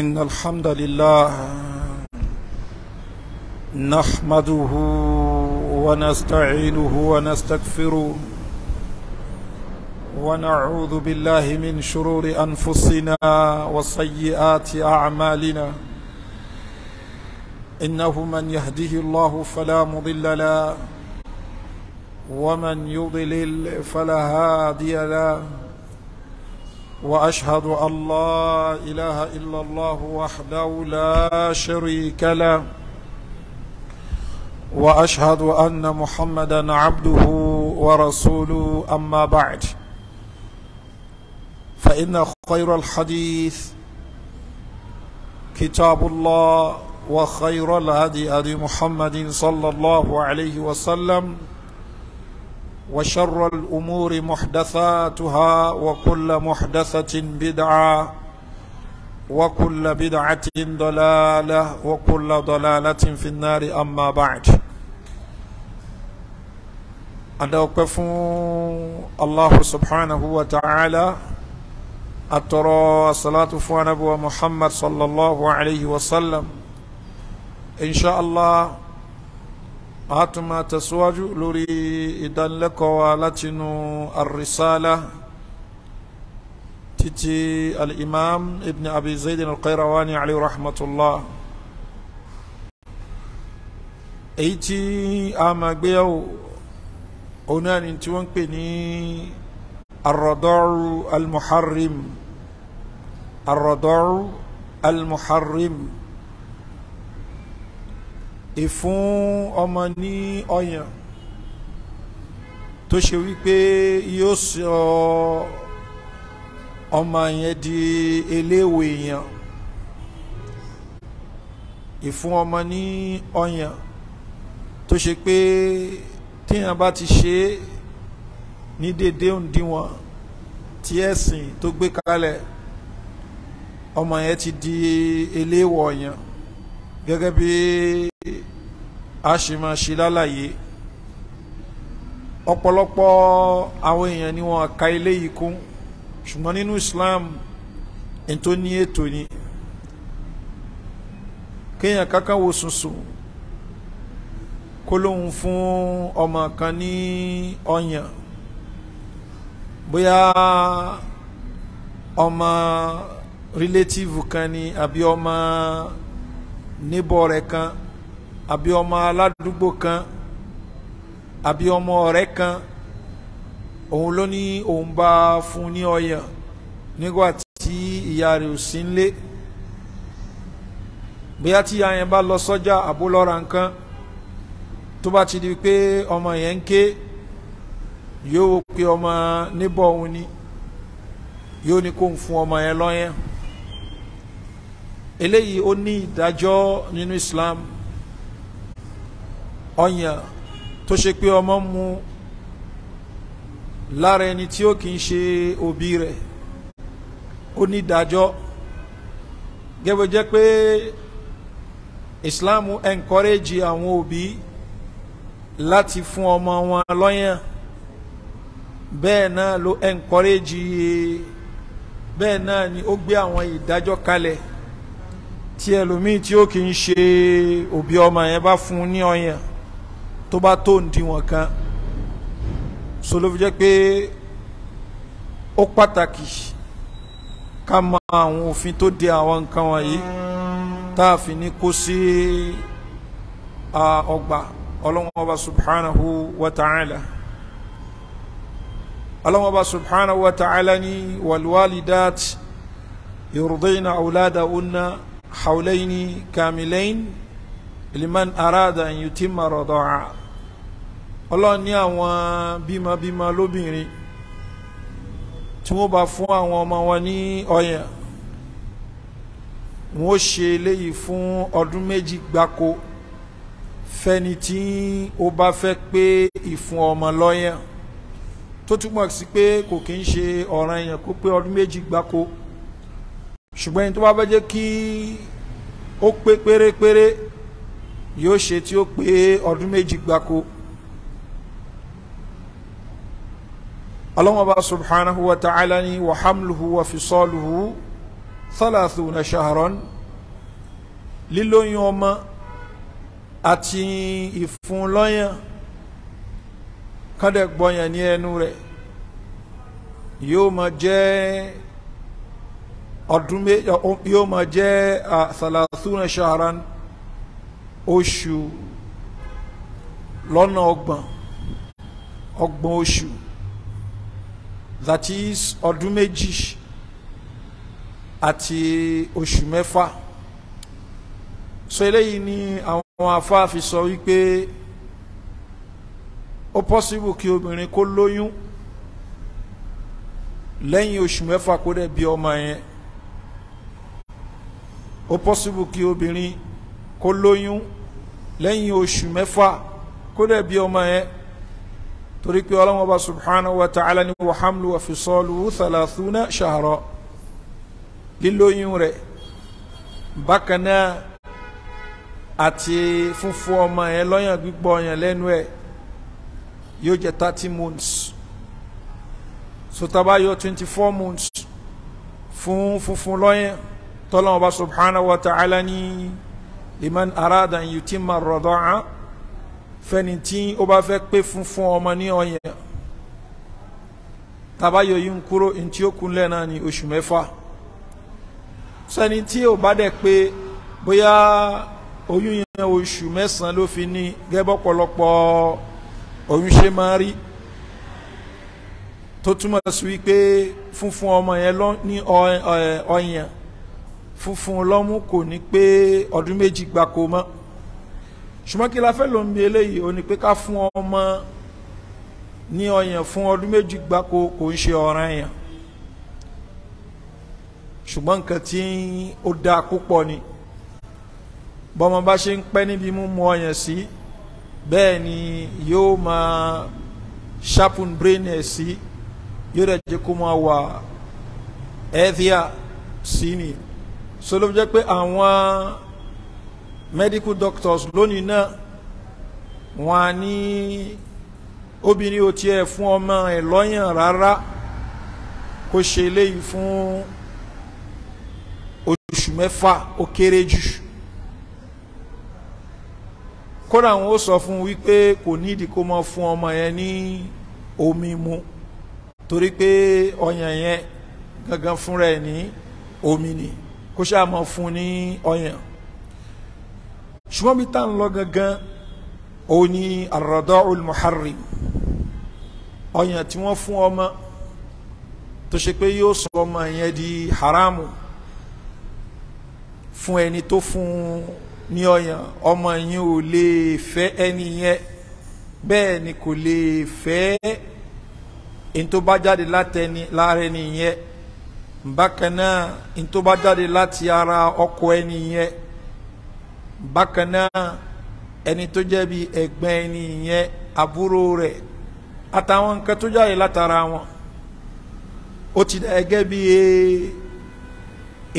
إن الحمد لله نحمده ونستعينه ونستغفره ونعوذ بالله من شرور أنفسنا وسيئات أعمالنا إنه من يهده الله فلا مضل له ومن يضلل فلا هادي له واشهد ان لا اله الا الله وحده لا شريك له واشهد ان محمدا عبده ورسوله اما بعد فان خير الحديث كتاب الله وخير الهدي هدي محمد صلى الله عليه وسلم وشر الأمور محدثاتها وكل محدثة بدعة وكل بدعة ضلالة وكل ضلالة في النار أما بعد أدوقف الله سبحانه وتعالى أترى الصلاة فوان أبو محمد صلى الله عليه وسلم إن شاء الله a tún máa tẹ̀síwájú lórí ìdánilẹ́kọ̀ọ́ wa látinú arisala títí al-imam ibn abi zaydin al-qayrawani alayhi rahmatullah èyí tí a máa gbéyàwó òun náà ni tí wọ́n ń pè ní arọ̀dọ́rù al-muharrim arọ̀dọ́rù al-muharrim. Al ìfún ọmọ ní ọyàn tó ṣe wípé yóò sọ ọmọ yẹn di eléwò èèyàn ìfún ọmọ ní ọyàn tó ṣe pé téèyàn bá ti ṣe é ní dédé òǹdíwọ̀n tí ẹ̀sìn tó gbé kalẹ̀ ọmọ yẹn ti di eléwọ̀ ọ̀yàn gẹ́gẹ́ bí a ṣe máa ṣe lálàyé ọ̀pọ̀lọpọ̀ àwọn èèyàn ni wọ́n ka ilé yìí kún ṣùgbọ́n nínú Islam n tó ní ètò ni kéèyàn kankan wo sunsun kó lóun fún ọmọ kan ní ọyàn bóyá ọmọ relative kan ni àbí ọmọ níbọ̀ rẹ̀ kan àbí ọmọ aládùúgbò kan àbí ọmọ ọ̀rẹ́ kan òun ló ní òun bá fún ní ọyàn nígbà tí ìyá rẹ̀ ò sí nílé bóyá tí ìyá yẹn bá lọ sọ́jà àbólọ́ra nǹkan tó bá ti di pé ọmọ yẹn ń ké yóò pe ọmọ níbọ̀ òun ni yóò ní kó ń fún ọmọ yẹn lọ́yàn eléyìí ó ní ìdájọ́ nínú Islam ọyàn tó ṣe pé ọmọ mu lára ẹni tí ó kì í ṣe òbí rẹ̀ ó ní ìdájọ́ gẹ́gẹ́ jẹ́ pé Islam encourage àwọn òbí láti fún ọmọ wọn lọ́yàn bẹ́ẹ̀ náà ló encourage bẹ́ẹ̀ náà ni ó gbé àwọn ìdájọ́ kalẹ̀ tí ẹlòmíì tí ó kì í ṣe òbí ọmọ yẹn bá fún un ní ọyàn tó bá tó ǹdíwọ̀n kan so ló fi jẹ́ pé ó pàtàkì ká mọ àwọn òfin tó de àwọn nǹkan wọ̀nyí tá a fi ní kó sí ọgbà ọlọ́wọ́n ọba subhanahu wa ta'ala ọlọ́wọ́n ọba subhanahu wa ta'ala ní walwalidat yurdina awladahunna hawlaini kamilain liman arada an yutimma radaa ọlọ́run ní àwọn bímọbímọ lóbìnrin tí wọ́n bá fún àwọn ọmọ wọn ní ọyàn wọ́n ó ṣe eléyìí fún ọdún méjì gbáko fẹ́ni tí ó bá fẹ́ pé ìfún ọmọ lọ́yàn tó túmọ̀ sí pé kò kí ń ṣe ọ̀ràn èèyàn kó pé ọdún méjì gbáko ṣùgbọ́n ẹni tó bá bá jẹ́ kí ó pé pérépéré yóò ṣe tí ó pé ọdún méjì gbáko. ọlọ́mọba subhanahu wa ta'ala ni wa hamluhu wa fisaluhu thalathuna shahran lílóyún ọmọ àti ìfúnlọ́yàn kọ́dẹ̀ gbọ́yàn ní ẹnu rẹ̀ yóò máa jẹ́ ọdún méjì yóò máa jẹ́ thalathuna shahran oṣù lọ́nà ọgbọ̀n ọgbọ̀n oṣù that is ọdún méjì àti oṣù mẹ́fà so eléyìí ni àwọn afáàfin sọ wípé ó possible kí obìnrin kó lóyún lẹ́yìn oṣù mẹ́fà kó dẹ̀ bí ọmọ yẹn ó possible kí obìnrin kó lóyún lẹ́yìn oṣù mẹ́fà kó dẹ̀ bí ọmọ yẹn torí pé ọlọ́wọ́n bá subhanahu wa ta'ala ni wa hamlu wa fisalu thalathuna shahra lílóyún rẹ̀ bákan náà àti fúnfún ọmọ yẹn lọ́yàn gbígbọ́ ọyàn lẹ́nu ẹ̀ yóò jẹ́ thirty months sotaba yóò twenty four months fún funfun lọ́yàn tọ́lọ́wọ́n bá subhanahu wa ta'ala ni liman arada an yutimma ar-rida'a fẹ́ni tí ó bá fẹ́ pé funfun ọmọ ní ọyàn tabayọ yìí ń kúrò ntí ó kunlẹ̀ náà ní oṣù mẹ́fà sẹ́ni tí ò bá dẹ̀ pé bóyá oyún yẹn oṣù mẹ́sàn-án ló fi ní gẹ́bọ́ pọ̀lọpọ̀ oyún ṣe máa rí tó túmọ̀ sí wípé funfun ọmọ yẹn ní ọyàn funfun lọ́mú kò ní pé ọdún méjì gbáko mọ́ ṣùgbọ́n kí la fẹ́ ló ń bi eléyìí ó ní pé ká fún ọmọ ní ọyàn fún ọdún méjì gbáko kò ń ṣe ọ̀ràn yẹn ṣùgbọ́n nǹkan tí ó dáa púpọ̀ ni bọ́mọ bá ṣe ń pẹ́ níbi mímú ọyàn sí bẹ́ẹ̀ ni yóò máa sharpen brain ẹ̀ sí yóò rẹ̀ jẹ́ kó máa wà ẹ́ẹ́díà sí ni sọlọ́ọ̀ jẹ́ pé àwọn medical doctors lónìí náà wọn á ní obìnrin ò tiẹ̀ fún ọmọ ẹ̀ lọ́yàn rárá kó ṣe eléyìí fún oṣù mẹ́fà ó kéré jù kódà wọn ó sọ fún wípé kò nídìí kó mọ fún ọmọ yẹn ní omi mu torí pé ọyàn yẹn gangan fúnra ẹ̀ ní omi ni kó ṣáà mọ fún ní ọyàn ṣùgbọ́n bí tá à ń lọ gangan òun ni ar-rada'ul muharrim ọyàn tí wọ́n fún ọmọ tó ṣe pé yóò sọ ọmọ yẹn di haramu fún ẹni tó fún ní ọyàn ọmọ yẹn ò lè fẹ́ ẹni yẹn bẹ́ẹ̀ ni kò lè fẹ́ ẹni látẹni lára ẹni yẹn bákan náà ẹni láti ara ọkọ ẹni yẹn bákan náà ẹni tó jẹ́ bí ẹ̀gbọ́n ẹni yẹn àbúrò rẹ̀ àtàwọn nǹkan tó jáde látara wọn ó ti dà gẹ́gẹ́ bí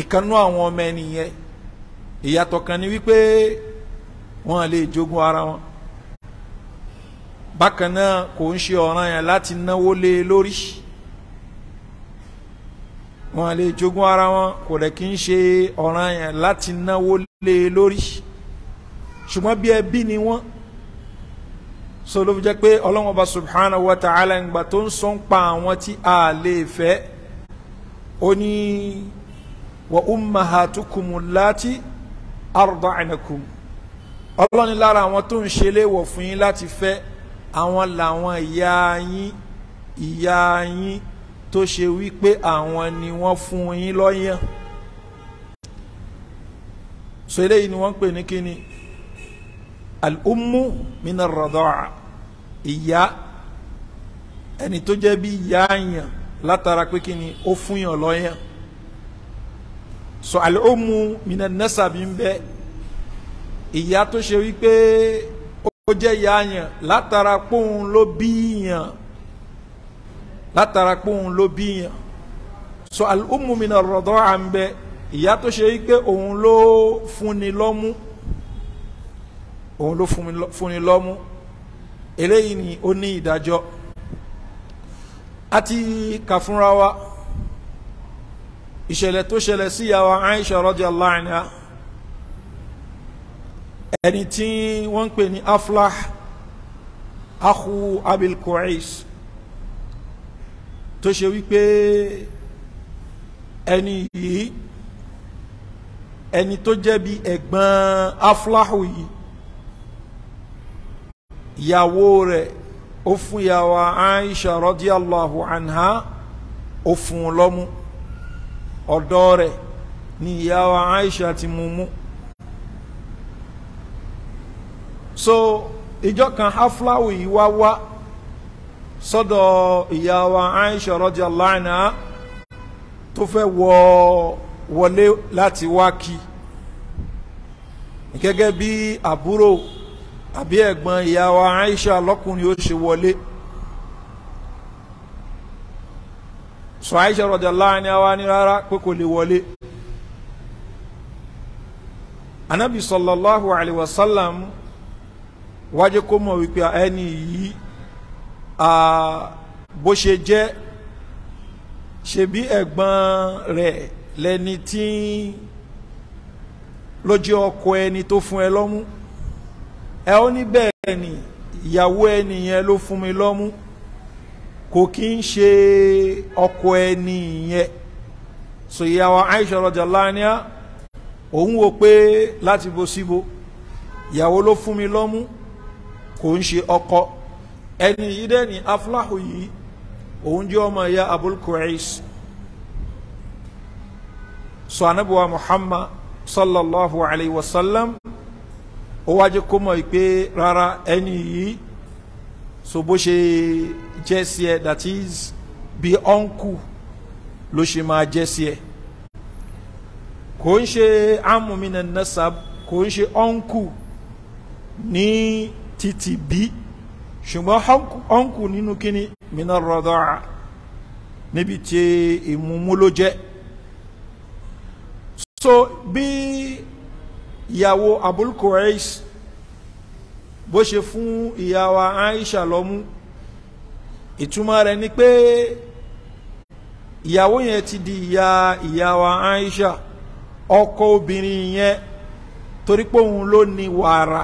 ìkànnú àwọn ọmọ ẹni yẹn ìyàtọ̀ kan ni wípé wọn lè jogún ara wọn bákan náà kò ń ṣe ọ̀ràn yẹn láti náwó lé e lórí wọn lè jogún ara wọn kò lè kí ń ṣe ọ̀ràn yẹn láti náwó lé e lórí ṣùgbọ́n bí ẹbí ni wọ́n so ló fi jẹ́ pé ọlọ́run ọba subhanahu wa ta'ala ìgbà tó ń sọ ń pa àwọn tí a lè fẹ́ ó ní wa ummahatukum láti arda'nakum ọlọ́run ní lára àwọn tó ń ṣe léèwọ̀ fún yín láti fẹ́ àwọn làwọn ìyá yín ìyá yín tó ṣe wípé àwọn ni wọ́n fún yín lọ́yàn so eléyìí ni wọ́n ń pè ní kíni al-ummu min ar-radaa ìyá ẹni tó jẹ́ bí ìyá àyàn látara pé kí ni ó fún yàn lọ́yàn so al-ummu min an-nasabi ń bẹ ìyá tó ṣe wípé ó jẹ́ ìyá àyàn látara póun ló bí yàn so al-ummu min ar-radaa ń bẹ ìyá tó ṣe wípé òun òun ló fúnni lọ́mú eléyìí ni ó ní ìdájọ́ àti kà fúnra wa ìṣẹ̀lẹ̀ tó ṣẹlẹ̀ sí ìyá wa Aisha radiyallahu anha ẹni tí wọ́n ń pè ní Aflah akhu Abil Ku'ais tó ṣe wípé ẹni yìí ẹni tó jẹ́ bí ẹ̀gbọ́n Aflahu yìí ìyàwó rẹ̀ ó fún ìyàwó Aisha radiyallahu anha ó fún un lọ́mú ọ̀dọ́ rẹ̀ ni ìyàwó Aisha ti mú mú so ìjọ kan haflawi yìí wá wá sọ́dọ̀ ìyàwó Aisha radiyallahu anha tó fẹ́ wọ wọlé láti wá kí gẹ́gẹ́ bí àbúrò. àbí ẹ̀gbọ́n ìyá wa Aisha lọ́kùnrin ó ṣe wọlé sọ Aisha radiyallahu anha wa ní rárá pé kò lè wọlé anabi sallallahu alayhi wa sallam wá jẹ́ kó mọ̀ wípé ẹni yìí bó ṣe jẹ́ ṣebí ẹ̀gbọ́n rẹ̀ lẹni tí ló ọkọ ẹni tó fún ẹ lọ́mú ẹ ó ní bẹ́ẹ̀ ni ìyàwó ẹni yẹn ló fún mi lọ́mú kò kí ń ṣe ọkọ ẹni yẹn so ìyàwó Aisha radhiyallahu anha òun wò pé láti bo síbo ìyàwó ló fún mi lọ́mú kò ń ṣe ọkọ ẹni yìí dẹ́ ni afúláhù yìí òun jẹ́ ọmọ ìyá Abul Qais so anabiwa Muhammad sallallahu alayhi wa sallam ó wá jẹ́ kó mọ̀ pé rárá ẹni yìí so bó ṣe jẹ́ sí ẹ that is bí ọ́nkù ló ṣe máa jẹ́ sí ẹ kò ń ṣe amúmínà nasab kò ń ṣe ọ́nkù ní títí bí ṣùgbọ́n ọ́nkù nínú kíni mina rọ̀dọ̀à níbi tí ìmúmú ló jẹ́ so bí ìyàwó Abul Quraysh bó ṣe fún ìyàwó Aisha lọ́mú ìtumọ̀ rẹ̀ ni pé ìyàwó yẹn ti di ìyá ìyàwó Aisha ọkọ obìnrin yẹn torí pé òun ló ní wàrà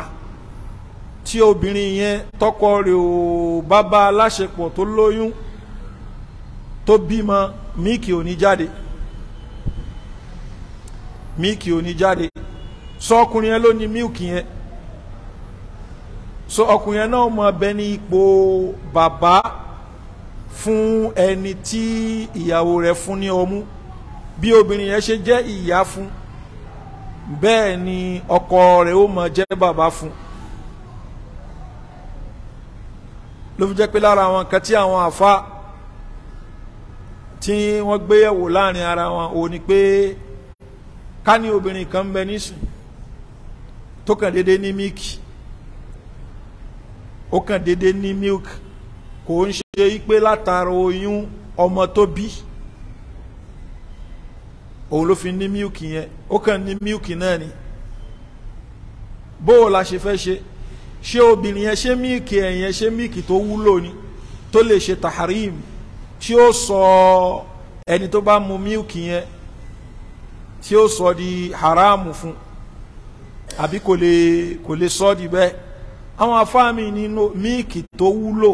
tí obìnrin yẹn tọkọ rẹ̀ ò bá bá aláṣepọ̀ tó lóyún tó bímọ míìkì ò jáde míìkì ò jáde sọ ọkùnrin yẹn ló ní mílkì yẹn so ọkùnrin yẹn náà mọ bẹ ní ipò bàbá fún ẹni tí ìyàwó rẹ̀ fún ní ọmú bí obìnrin yẹn ṣe jẹ́ ìyá fún bẹ́ẹ̀ ni ọkọ rẹ̀ ó mọ jẹ́ bàbá fún ló fi jẹ́ pé lára àwọn kan tí àwọn àfa tí wọ́n gbéyẹ̀wò láàrin ara wọn ò ní pé ká ní obìnrin kan ń bẹ nísìnyí tó kàn déédéé ní milk ó kàn déédéé ní milk kò ń ṣe pé látara oyún ọmọ tó bí òun ló fi ní milk yẹn ó kàn ní milk náà ni bó la ṣe fẹ́ ṣe ṣé obìnrin yẹn ṣé míìkì ẹ̀yẹn ṣé míìkì tó wúlò ni tó lè ṣe taharim tí ó sọ ẹni tó bá mu míìkì yẹn tí ó sọ di haramu fún un àbí kò lè kò lè sọ di bẹ́ẹ̀ àwọn afáàmì nínú míìkì tó wúlò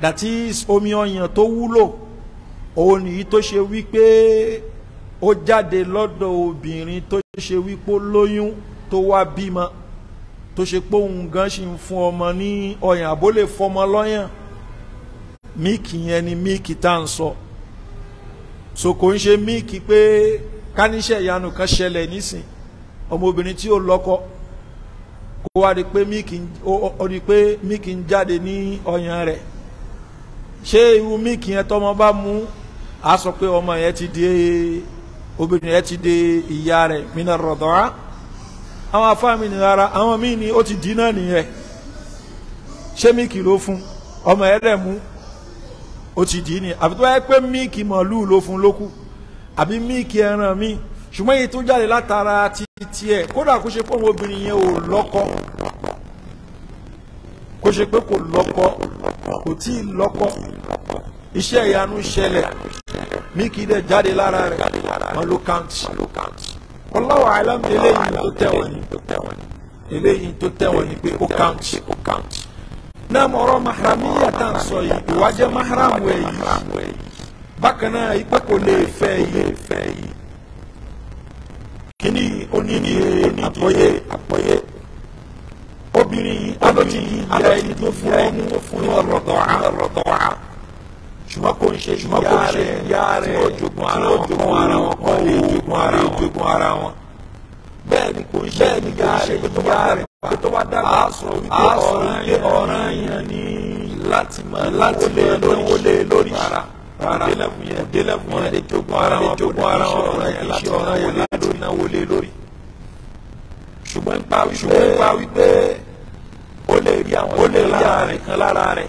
that is omi ọyàn tó wúlò òun nìyí tó ṣe wípé ó jáde lọ́dọ̀ obìnrin tó ṣe wípé ó lóyún tó wá bímọ tó ṣe pé òun gan ṣì ń fún ọmọ ní ọyàn àbó fọmọ lọ́yàn míìkì yẹn ni míìkì tá à ń sọ so kò ń ṣe míìkì pé káníṣẹ́ ìyanu kan ṣẹlẹ̀ nísìnyí ọmọbìnrin tí ó lọ́kọ kó wá rí pé míìkì ń jáde ní ọyàn rẹ̀ ṣé irú míìkì yẹn tọ́mọ bá mú a sọ pé ọmọ yẹn ti di obìnrin yẹn ti di ìyá rẹ̀ mìíràn rọ̀dọ̀rá àwọn afáàmì ni rárá àwọn míì ni ó ti dì náà nìyẹn ṣé míìkì ló fún ọmọ yẹn rẹ̀ mú ó ti dì ni àfi tó yẹ pé míìkì màálù ló fún lókù àbí míìkì ẹran míì ṣùgbọ́n èyí tó jáde látara ti tiẹ̀ kódà kó ṣe pé òun obìnrin yẹn ò lọ́kọ kó ṣe pé kò lọ́kọ kò tí ì lọ́kọ iṣẹ́ ìyanu ṣẹlẹ̀ mí kì í dẹ̀ jáde lára rẹ̀ wọn ló káǹtì Allahu alam eléyìí tó tẹ̀wọ̀n ni eléyìí tó tẹ̀wọ̀n ni pé ó káǹtì náà ọ̀rọ̀ mahramiya tá à ń sọ yìí ìwà jẹ́ mahram wẹ̀ yìí bákan náà ipò kò lè fẹ́ yìí àpọ̀yé àpọ̀yé obìnrin yìí obìnrin yìí ara ẹni tó fún ẹ ní tó fún ẹ rọ̀dọ̀wá rọ̀dọ̀wá ṣùgbọ́n kò ń ṣe ṣùgbọ́n kò ń ṣe ìyá rẹ̀ tí wọ́n jogun ara wọn kọ́ wọ́n lè jogun ara wọn jogun ara wọn bẹ́ẹ̀ ni kò ń ṣe ẹni kò ń ṣe pé tó bá rẹ̀ pé tó bá dára àásùn wípé ọ̀ràn yẹn ni láti mọ láti lè lórí lè lórí ara délẹ̀kùn yẹn délẹ̀kùn yẹn lè jogun ara wọn jogun ara wọn ọ̀ràn yẹn láti náwó lé lórí gbà wípé ó lè rí àwọn kan lára rẹ̀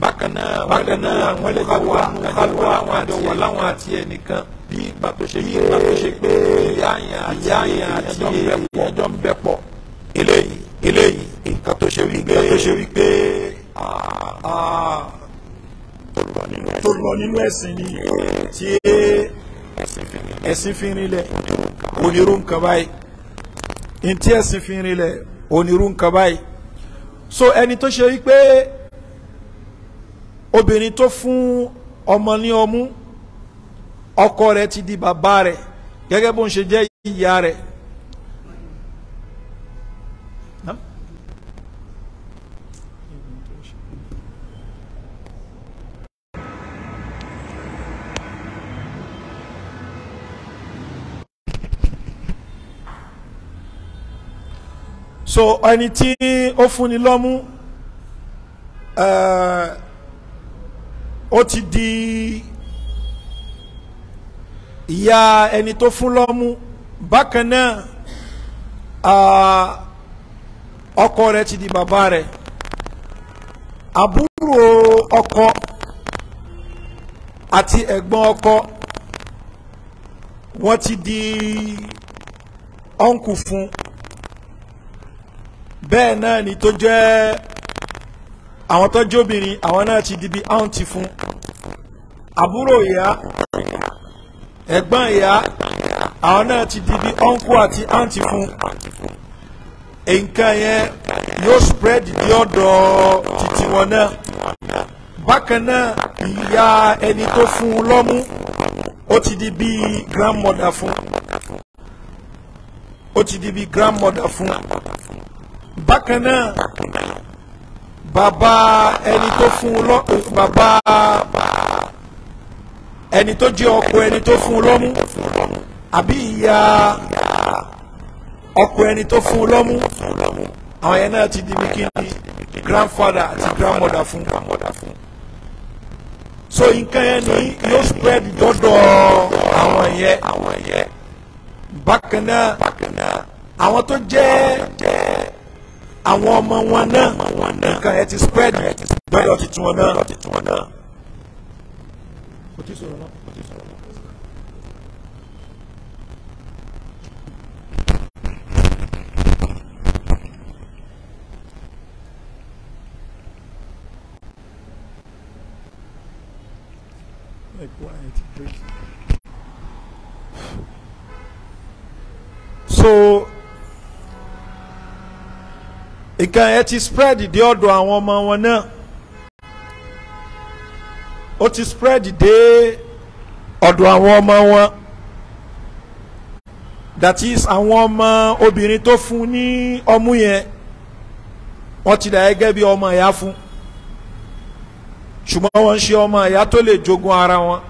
bákan náà bákan náà àwọn ẹlẹ́jọ́ wà kálùwà àwọn àdánwò láwọn àti ẹnìkan bí ìgbà tó ṣe yé ìgbà tó ṣe pé yáyàn àti yáyàn àti ẹjọ́ ń bẹ pọ̀ eléyìí eléyìí nǹkan tó ṣe wí pé tó ṣe wí pé tó lọ nínú ẹ̀sìn ni tí ẹ̀sìn fi rinlẹ̀ onírú nǹkan báyìí ntí ẹ̀sìn fi rinlẹ̀ onírú nǹkan báyìí so ẹni tó ṣe wípé obìnrin tó fún ọmọ ní ọmú ọkọ rẹ̀ ti di bàbá rẹ̀ gẹ́gẹ́ bó ń ṣe jẹ́ ìyá rẹ̀ so ẹni tí ó fúnni lọ́mú ó ti di ìyá ẹni tó fún lọ́mú bákan náà ọkọ rẹ̀ ti di bàbá rẹ̀ àbúrò ọkọ àti ẹ̀gbọ́n ọkọ wọ́n ti di ọ̀nkù fún bẹ́ẹ̀ náà ni tó jẹ́ àwọn tó jẹ́ obìnrin àwọn náà ti di bí áùntì fún àbúrò ìyá ẹ̀gbọ́n ìyá àwọn náà ti di bí ọ́nkú àti áùntì fún nǹkan yẹn yóò spread di ọ̀dọ̀ títí wọn náà bákan náà ìyá ẹni tó fún un lọ́mú ó ti di bí grandmother fún ó ti di bí grandmother fún bákan náà bàbá ẹni tó fún un lọ bàbá ẹni tó jẹ́ ọkọ ẹni tó fún un lọ́mú àbí ìyá ọkọ ẹni tó fún un lọ́mú àwọn yẹn náà ti di bikini grandfather àti grandmother fún so nǹkan yẹn ni yóò spread dọ́dọ̀ àwọn yẹn bákan náà àwọn tó jẹ́ àwọn ọmọ wọn náà nǹkan ẹ ti spread lọ́dọ̀ ti tiwọn náà. so ìkan ẹ ti spread dé ọ̀dọ̀ àwọn ọmọ wọn náà ó ti spread dé ọ̀dọ̀ àwọn ọmọ wọn that is àwọn ọmọ obìnrin tó fún ní ọmú yẹn wọ́n ti dà gẹ́gẹ́ bí ọmọ ìyá fún ṣùgbọ́n wọ́n ń ṣe ọmọ ìyá tó lè jogun ara wọn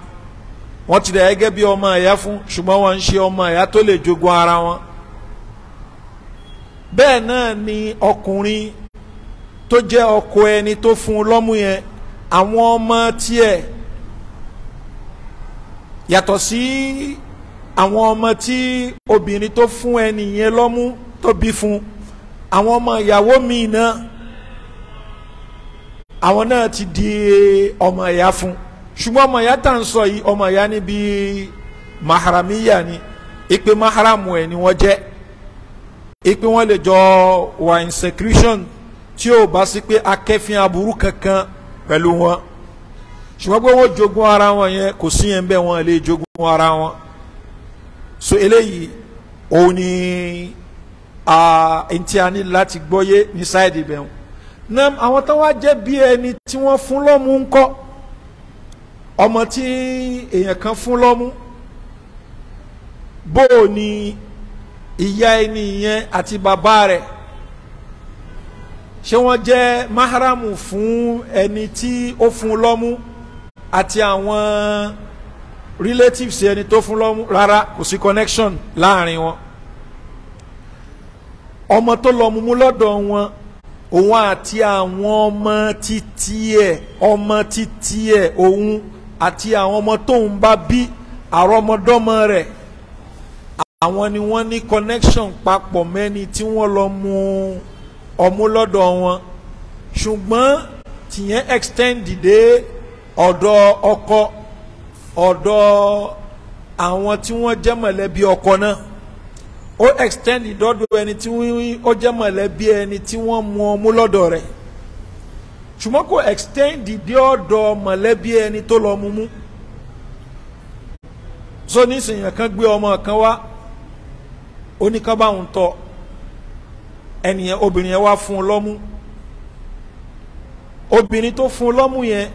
wọ́n ti dà gẹ́gẹ́ bí ọmọ ìyá fún ṣùgbọ́n wọ́n ń ṣe ọmọ ìyá tó lè jogun ara wọn bẹ́ẹ̀ náà ni ọkùnrin tó jẹ́ ọkọ ẹni tó fún un lọ́mú yẹn àwọn ọmọ tiẹ̀ yàtọ̀ sí àwọn ọmọ tí obìnrin tó fún ẹni yẹn lọ́mú tó bí fún àwọn ọmọ ìyàwó míì náà àwọn náà ti di ọmọ ìyá fún ṣùgbọ́n ọmọ ìyá tá à ń sọ yìí ọmọ ìyá níbi maharamiya ni ìpè maharamu ẹ̀ ni wọ́n jẹ́ ipe wọn lè jọ wà in secretion tí ó bá sí pé akẹ́fín aburú kankan pẹ̀lú wọn ṣùgbọ́n pé wọ́n jogun ara wọn yẹn kò sí yẹn bẹ́ẹ̀ wọ́n lè jogun ara wọn so eléyìí òun ni ntí a ní láti gbọ́yé ní sáìdì bẹ́ẹ̀ náà àwọn tó wá jẹ́ bí ẹni tí wọ́n fún lọ́mú ńkọ́ ọmọ tí èèyàn kan fún lọ́mú bó o ní ìyá ẹni yẹn àti bàbá rẹ̀ ṣé wọ́n jẹ́ maharamu fún ẹni tí ó fún lọ́mú àti àwọn relatives ẹni tó fún lọ́mú rárá kò sí connection láàrin wọn ọmọ tó lọ́mú mú lọ́dọ̀ wọn òun àti àwọn ọmọ títí ẹ̀ ọmọ títí ẹ̀ òun àti àwọn ọmọ tóun bá bí àrọ́mọdọ́mọ rẹ̀ àwọn ni wọ́n ní connection papọ̀ mẹ́ni tí wọ́n lọ mú ọmú lọ́dọ̀ wọn ṣùgbọ́n tìyẹn extend dé ọ̀dọ̀ ọkọ ọ̀dọ̀ àwọn tí wọ́n jẹ́ mọ̀lẹ́bí ọkọ náà ó extend dọ́dọ̀ ẹni tí ó jẹ́ mọ̀lẹ́bí ẹni tí wọ́n mú ọmú lọ́dọ̀ rẹ̀ ṣùgbọ́n kò extend dé ọ̀dọ̀ mọ̀lẹ́bí ẹni tó lọ mú mú so nísìnyàn kan gbé ọmọ kan wá ó ní ká bá òun tọ̀ ẹnìyẹn obìnrin yẹn wá fún un lọ́mú obìnrin tó fún un lọ́mú yẹn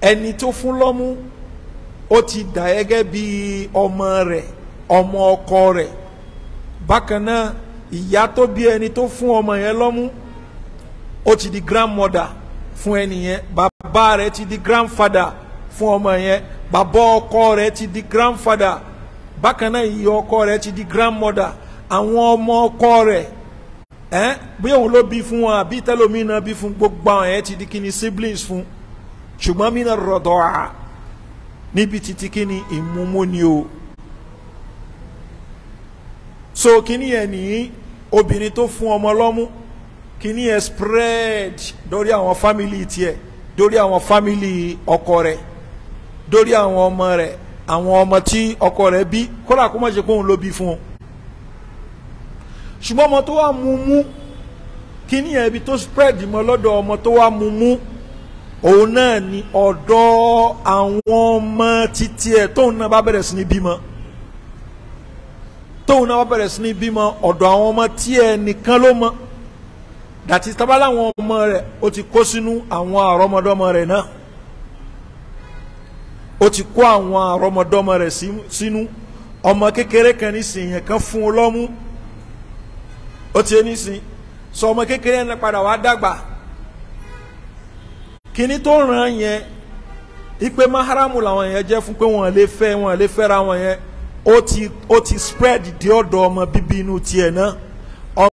ẹni tó fún lọ́mú ó ti dà gẹ́gẹ́ bí ọmọ rẹ̀ ọmọ ọkọ rẹ̀ bákan náà ìyá tó bí ẹni tó fún ọmọ yẹn lọ́mú ó ti di grandmother fún ẹni yẹn bàbá rẹ̀ ti di grandfather fún ọmọ yẹn bàbá ọkọ rẹ̀ ti di grandfather bákan náà iye ọkọ rẹ̀ ti di grandmother àwọn ọmọ ọkọ rẹ̀ ẹ bóyá òun ló bí fún wọn àbí tẹlómìn bí fún gbogbo àwọn ẹ ti di kíni siblings fún ṣùgbọ́n mí náà rọ̀dọ̀ à níbi títí kíni ìmúmú ni o so kíni yẹn nìyí obìnrin tó fún ọmọ lọ́mú kíni yẹn spread dórí àwọn family tiẹ̀ dórí àwọn family ọkọ rẹ̀ dórí àwọn ọmọ rẹ̀ àwọn ọmọ tí ọkọ rẹ̀ bí kódà kó má ṣe pé òun ló bí fún un ṣùgbọ́n ọmọ tó wà mú mú kíní yẹn ibi tó spread mọ́ lọ́dọ̀ ọmọ tó wà mú mú òun náà ni ọ̀dọ́ àwọn ọmọ títí ẹ̀ tóun náà bá bẹ̀rẹ̀ sí ní bímọ tóun náà bá bẹ̀rẹ̀ sí ní bímọ ọ̀dọ̀ àwọn ọmọ tí ẹ̀ nìkan ló mọ dàtí tábàlà ọmọ rẹ̀ ó ti kó sínú àwọn àrọ́mọdọ́mọ rẹ̀ náà ó ti kó àwọn àrọmọdọ́mọ rẹ̀ sínú ọmọ kékeré kan nísìnyẹn kan fún un lọ́mú ó ti ní sìn sọ ọmọ kékeré yẹn padà wá dàgbà kíní tó ràn yẹn ipe maharamu làwọn yẹn jẹ́ fún pé wọ́n lè fẹ́ wọ́n lè fẹ́ra wọn yẹn ó ti ó ti spread dé ọ̀dọ̀ ọmọ bíbí inú tiẹ̀ náà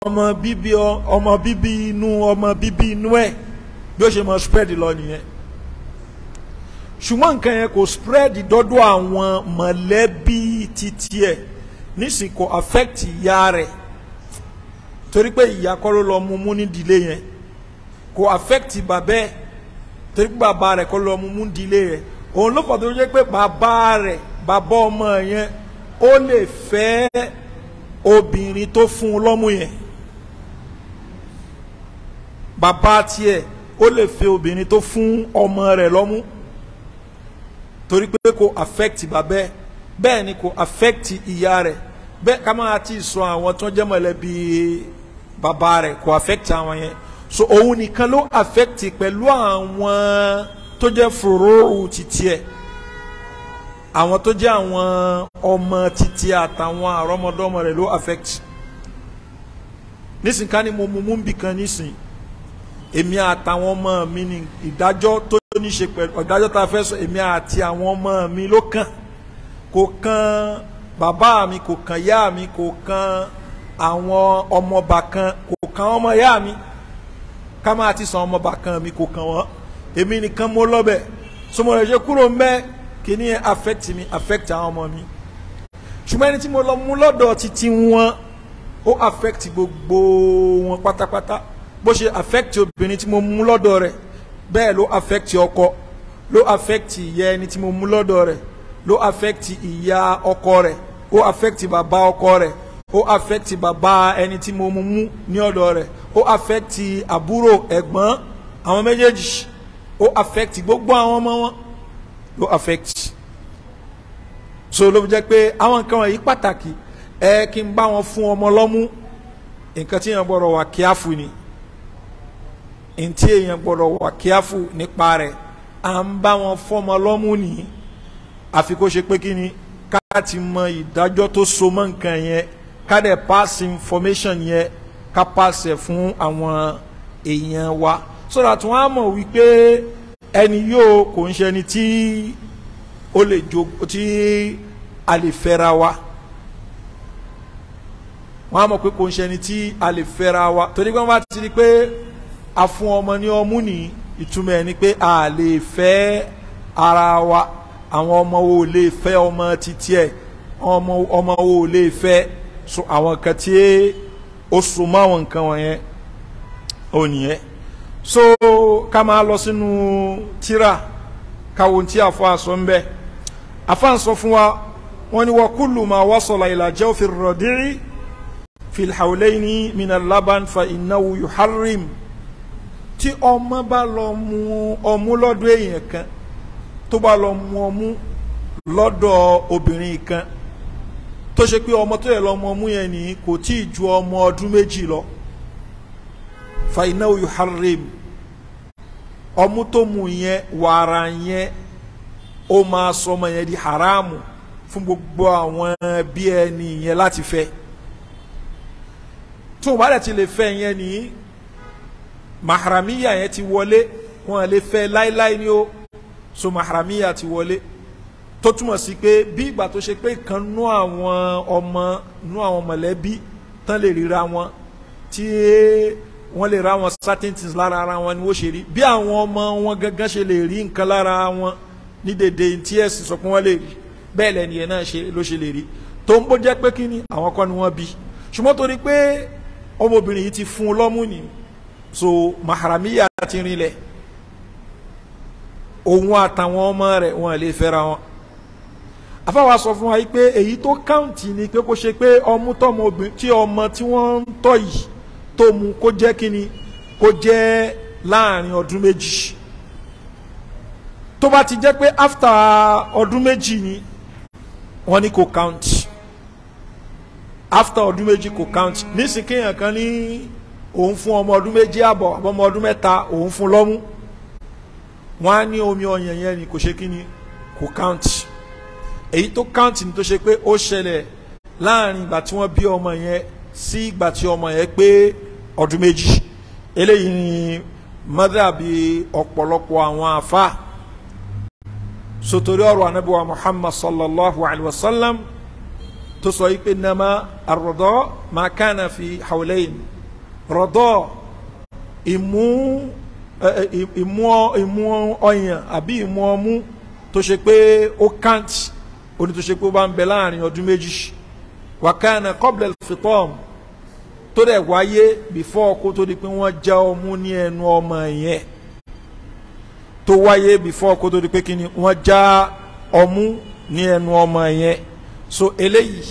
ọmọ bíbí ọmọ bíbí inú ọmọ bíbí inú ẹ̀ bí ó ṣe mọ spread lọ nìyẹn ṣùgbọ́n nǹkan yẹn kò spread dọ́dọ̀ àwọn mọ̀lẹ́bí títí ẹ̀ nísìn kò affect ìyá rẹ̀ torí pé ìyá kọ́ ló lọ mú mú nídìílé yẹn kò affect bàbá ẹ̀ torí pé bàbá rẹ̀ kọ́ ló lọ mú mú nídìílé yẹn òun ló fà tó jẹ́ pé bàbá rẹ̀ bàbá ọmọ yẹn ó lè fẹ́ obìnrin tó fún un lọ́mú yẹn bàbá tiẹ̀ ó lè fẹ́ obìnrin tó fún ọmọ rẹ̀ lọ́mú torí pé kò affect bàbá ẹ bẹ́ẹ̀ ni kò affect ìyá rẹ̀ bẹ́ẹ̀ ká máa ti sọ àwọn tó jẹ́ mọ̀lẹ́bí bàbá rẹ̀ kò affect àwọn yẹn so òun nìkan ló affect pẹ̀lú àwọn tó jẹ́ fòrórù títí ẹ̀ àwọn tó jẹ́ àwọn ọmọ títí àtàwọn àrọ́mọdọ́mọ rẹ̀ ló affect nísìnyí ká ní mo mú mú bìkan nísìnyí èmi àtàwọn ọmọ mi ní ìdájọ́ tó ó ní ṣe pẹ̀lú ọ̀dájọ́ tá a fẹ́ sọ èmi àti àwọn ọmọ mi ló kàn kò kan bàbá mi kò kan yá mi kò kan àwọn ọmọọba kan kò kan ọmọ yá mi ká máa ti sàn ọmọọba kan mi kò kan wọn èmi nìkan mo lọ́bẹ̀ sọmọ rẹ̀ ṣe kúrò ń bẹ́ẹ̀ kìíní yẹn affect mi affect àwọn ọmọ mi ṣùgbọ́n ẹni tí mo lọ mú lọ́dọ̀ títí wọn ó affect gbogbo wọn pátápátá bó ṣe affect obìnrin tí mo mú lọ́dọ̀ rẹ̀ bẹ́ẹ̀ ló affect ọkọ ló affect ìyá ẹni tí mo mú lọ́dọ̀ rẹ̀ ló affect ìyá ọkọ rẹ̀ ó affect bàbá ọkọ rẹ̀ ó affect bàbá ẹni tí mo mú ní ọ̀dọ̀ rẹ̀ ó affect àbúrò ẹ̀gbọ́n àwọn méjèèjì ó affect gbogbo àwọn ọmọ wọn ló affect so ló jẹ́ pé àwọn nǹkan wọ̀nyí pàtàkì ẹ kí n bá wọn fún ọmọ lọ́mú nǹkan tí yẹn gbọ́dọ̀ wà kíáfù ni ntí èèyàn gbọ́dọ̀ wà kíáfù nípa rẹ̀ à ń bá wọn fọmọ lọ́mú ni àfi kó ṣe pé kí ni ká ti mọ ìdájọ́ tó so mọ́ nǹkan yẹn ká dẹ̀ pass information yẹn ká pass ẹ̀ fún àwọn èèyàn wa so that wọ́n á mọ̀ wípé ẹni yóò kò ń ṣe ẹni tí ó lè jogo tí a lè fẹ́ra wa wọ́n á mọ̀ pé kò ń ṣe ẹni tí a lè fẹ́ra wa torí pé wọ́n bá ti di pé afún ọmọ ní ọmú ní ìtumọ̀ ẹ̀ ni pé a lè fẹ́ ara wa àwọn ọmọ wo lè fẹ́ ọmọ títí ẹ̀ ọmọ ọmọ wo lè fẹ́ so àwọn kan tí ó so àwọn nǹkan wọ̀nyẹn ó nìyẹn so ká máa lọ sínú tíra káwọn tí àfọ àsọ ń bẹ àfọ àsọ fún wa wọ́n ní wa kullu ma wasala ila jawfi radi'i fi al-hawlayni min laban fa innahu yuharrim tí ọmọ bá lọ mu ọmú lọ́dọ̀ èèyàn kan tó bá lọ mu ọmú lọ́dọ̀ obìnrin kan tó ṣe pé ọmọ tó yẹ lọ mu ọmú yẹn nìyí kò tí ì ju ọmọ ọdún méjì lọ fainahu yuharrim ọmú tó mu yẹn wàrà yẹn ó máa sọ ọmọ yẹn di haramu fún gbogbo àwọn bí ẹni yẹn láti fẹ́ tó o bá dẹ̀ ti lè fẹ́ yẹn nìyí mahramiya yẹn ti wọlé wọn lè fẹ́ láíláí ni ó so mahramiya ti wọlé tó túmọ̀ sí pé bí ìgbà tó ṣe pé kan nú àwọn ọmọ nú àwọn mọ̀lẹ́bí tán lè ríra wọn tí wọ́n lè ra wọn certain things lára ara wọn ni wọ́n ṣe rí bí àwọn ọmọ wọn gangan ṣe lè rí nǹkan lára wọn ní dèdè tí ẹ̀sìn sọ pé wọ́n lè rí bẹ́ẹ̀ lẹ́ni ẹ̀ náà ló ṣe lè rí tó ń bó jẹ́ pé kí ni àwọn kan ni wọ́n bí ṣùgbọ́n torí pé ọmọbìnrin yìí ti fún un lọ́mú nìyí so maharamiya ti rinlẹ̀ òun àtàwọn ọmọ rẹ̀ wọn lè fẹ́ra wọn afáwa sọ fún wa pé èyí tó káùntì ni pé kó ṣe pé ọmú tọmọ obìnrin tí ọmọ tí wọ́n ń tọ́ yìí tó mu kó jẹ́ kíni kó jẹ́ láàrin ọdún méjì tó bá ti jẹ́ pé after ọdún méjì ni wọ́n ní kò count after ọdún méjì kò count nísìnyí kéèyàn kan ní. Ni òun fún ọmọ ọdún méjì àbọ̀ àbọ̀mọ ọdún mẹ́ta òun fún lọ́mú wọ́n á ní omi ọyàn yẹn ni kò ṣe kí ni kò count èyí tó count ni tó ṣe pé ó ṣẹlẹ̀ láàrin ìgbà tí wọ́n bí ọmọ yẹn sí ìgbà tí ọmọ yẹn pé ọdún méjì eléyìí ni madhabi ọ̀pọ̀lọpọ̀ àwọn àfáà sotori ọ̀rọ̀ anabi muhammad sallallahu alaihi wa sallam tó sọ yìí pé nama arọdọ ma fi hawlayin rọ̀dọ̀ ìmú ìmú ìmú ọyàn àbí ìmú ọmú tó ṣe pé ó kant oní tó ṣe pé ó bá ń bẹ láàrin ọdún méjì wàkàna kọ́blẹ̀ fìtọ́m tó dẹ̀ wáyé bìfọ́ kó tó di pé wọ́n já ọmú ní ẹnu ọmọ yẹn tó wáyé bìfọ́ kó tó di pé kí ni wọ́n já ọmú ní ẹnu ọmọ yẹn so eléyìí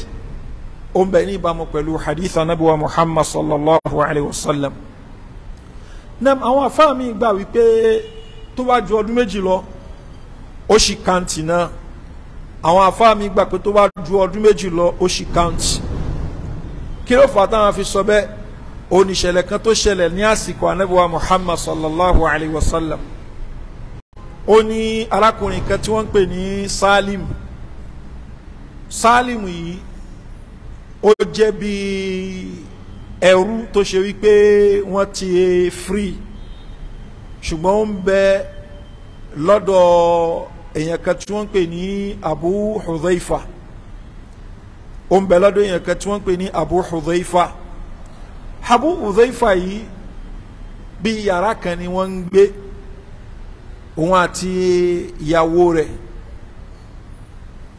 ó ń bẹ ní ìbámu pẹ̀lú hadith anabiwa muhammad sallallahu alayhi wa sallam nam àwọn afá mi gbà wípé tó bá ju ọdún méjì lọ ó ṣì kàǹtì náà àwọn afá mi gbà pé tó bá ju ọdún méjì lọ ó kàǹtì kí ló fà á táwọn fi sọ bẹ́ẹ̀ oníṣẹ̀lẹ̀ kan tó ṣẹlẹ̀ ní àsìkò anabiwa muhammad sallallahu alayhi wa sallam ó ní arákùnrin kan tí wọ́n ń pè ní salim salim yìí ó jẹ́ bí ẹrú tó ṣe wípé wọ́n ti free ṣùgbọ́n ó ń bẹ lọ́dọ̀ èèyàn kan tí wọ́n pè ní Abu Hudhaifa ó ń bẹ lọ́dọ̀ èèyàn kan tí wọ́n pè ní Abu Hudhaifa Abu Hudhaifa yìí bí yàrá kan ni wọ́n ń gbé òun àti ìyàwó rẹ̀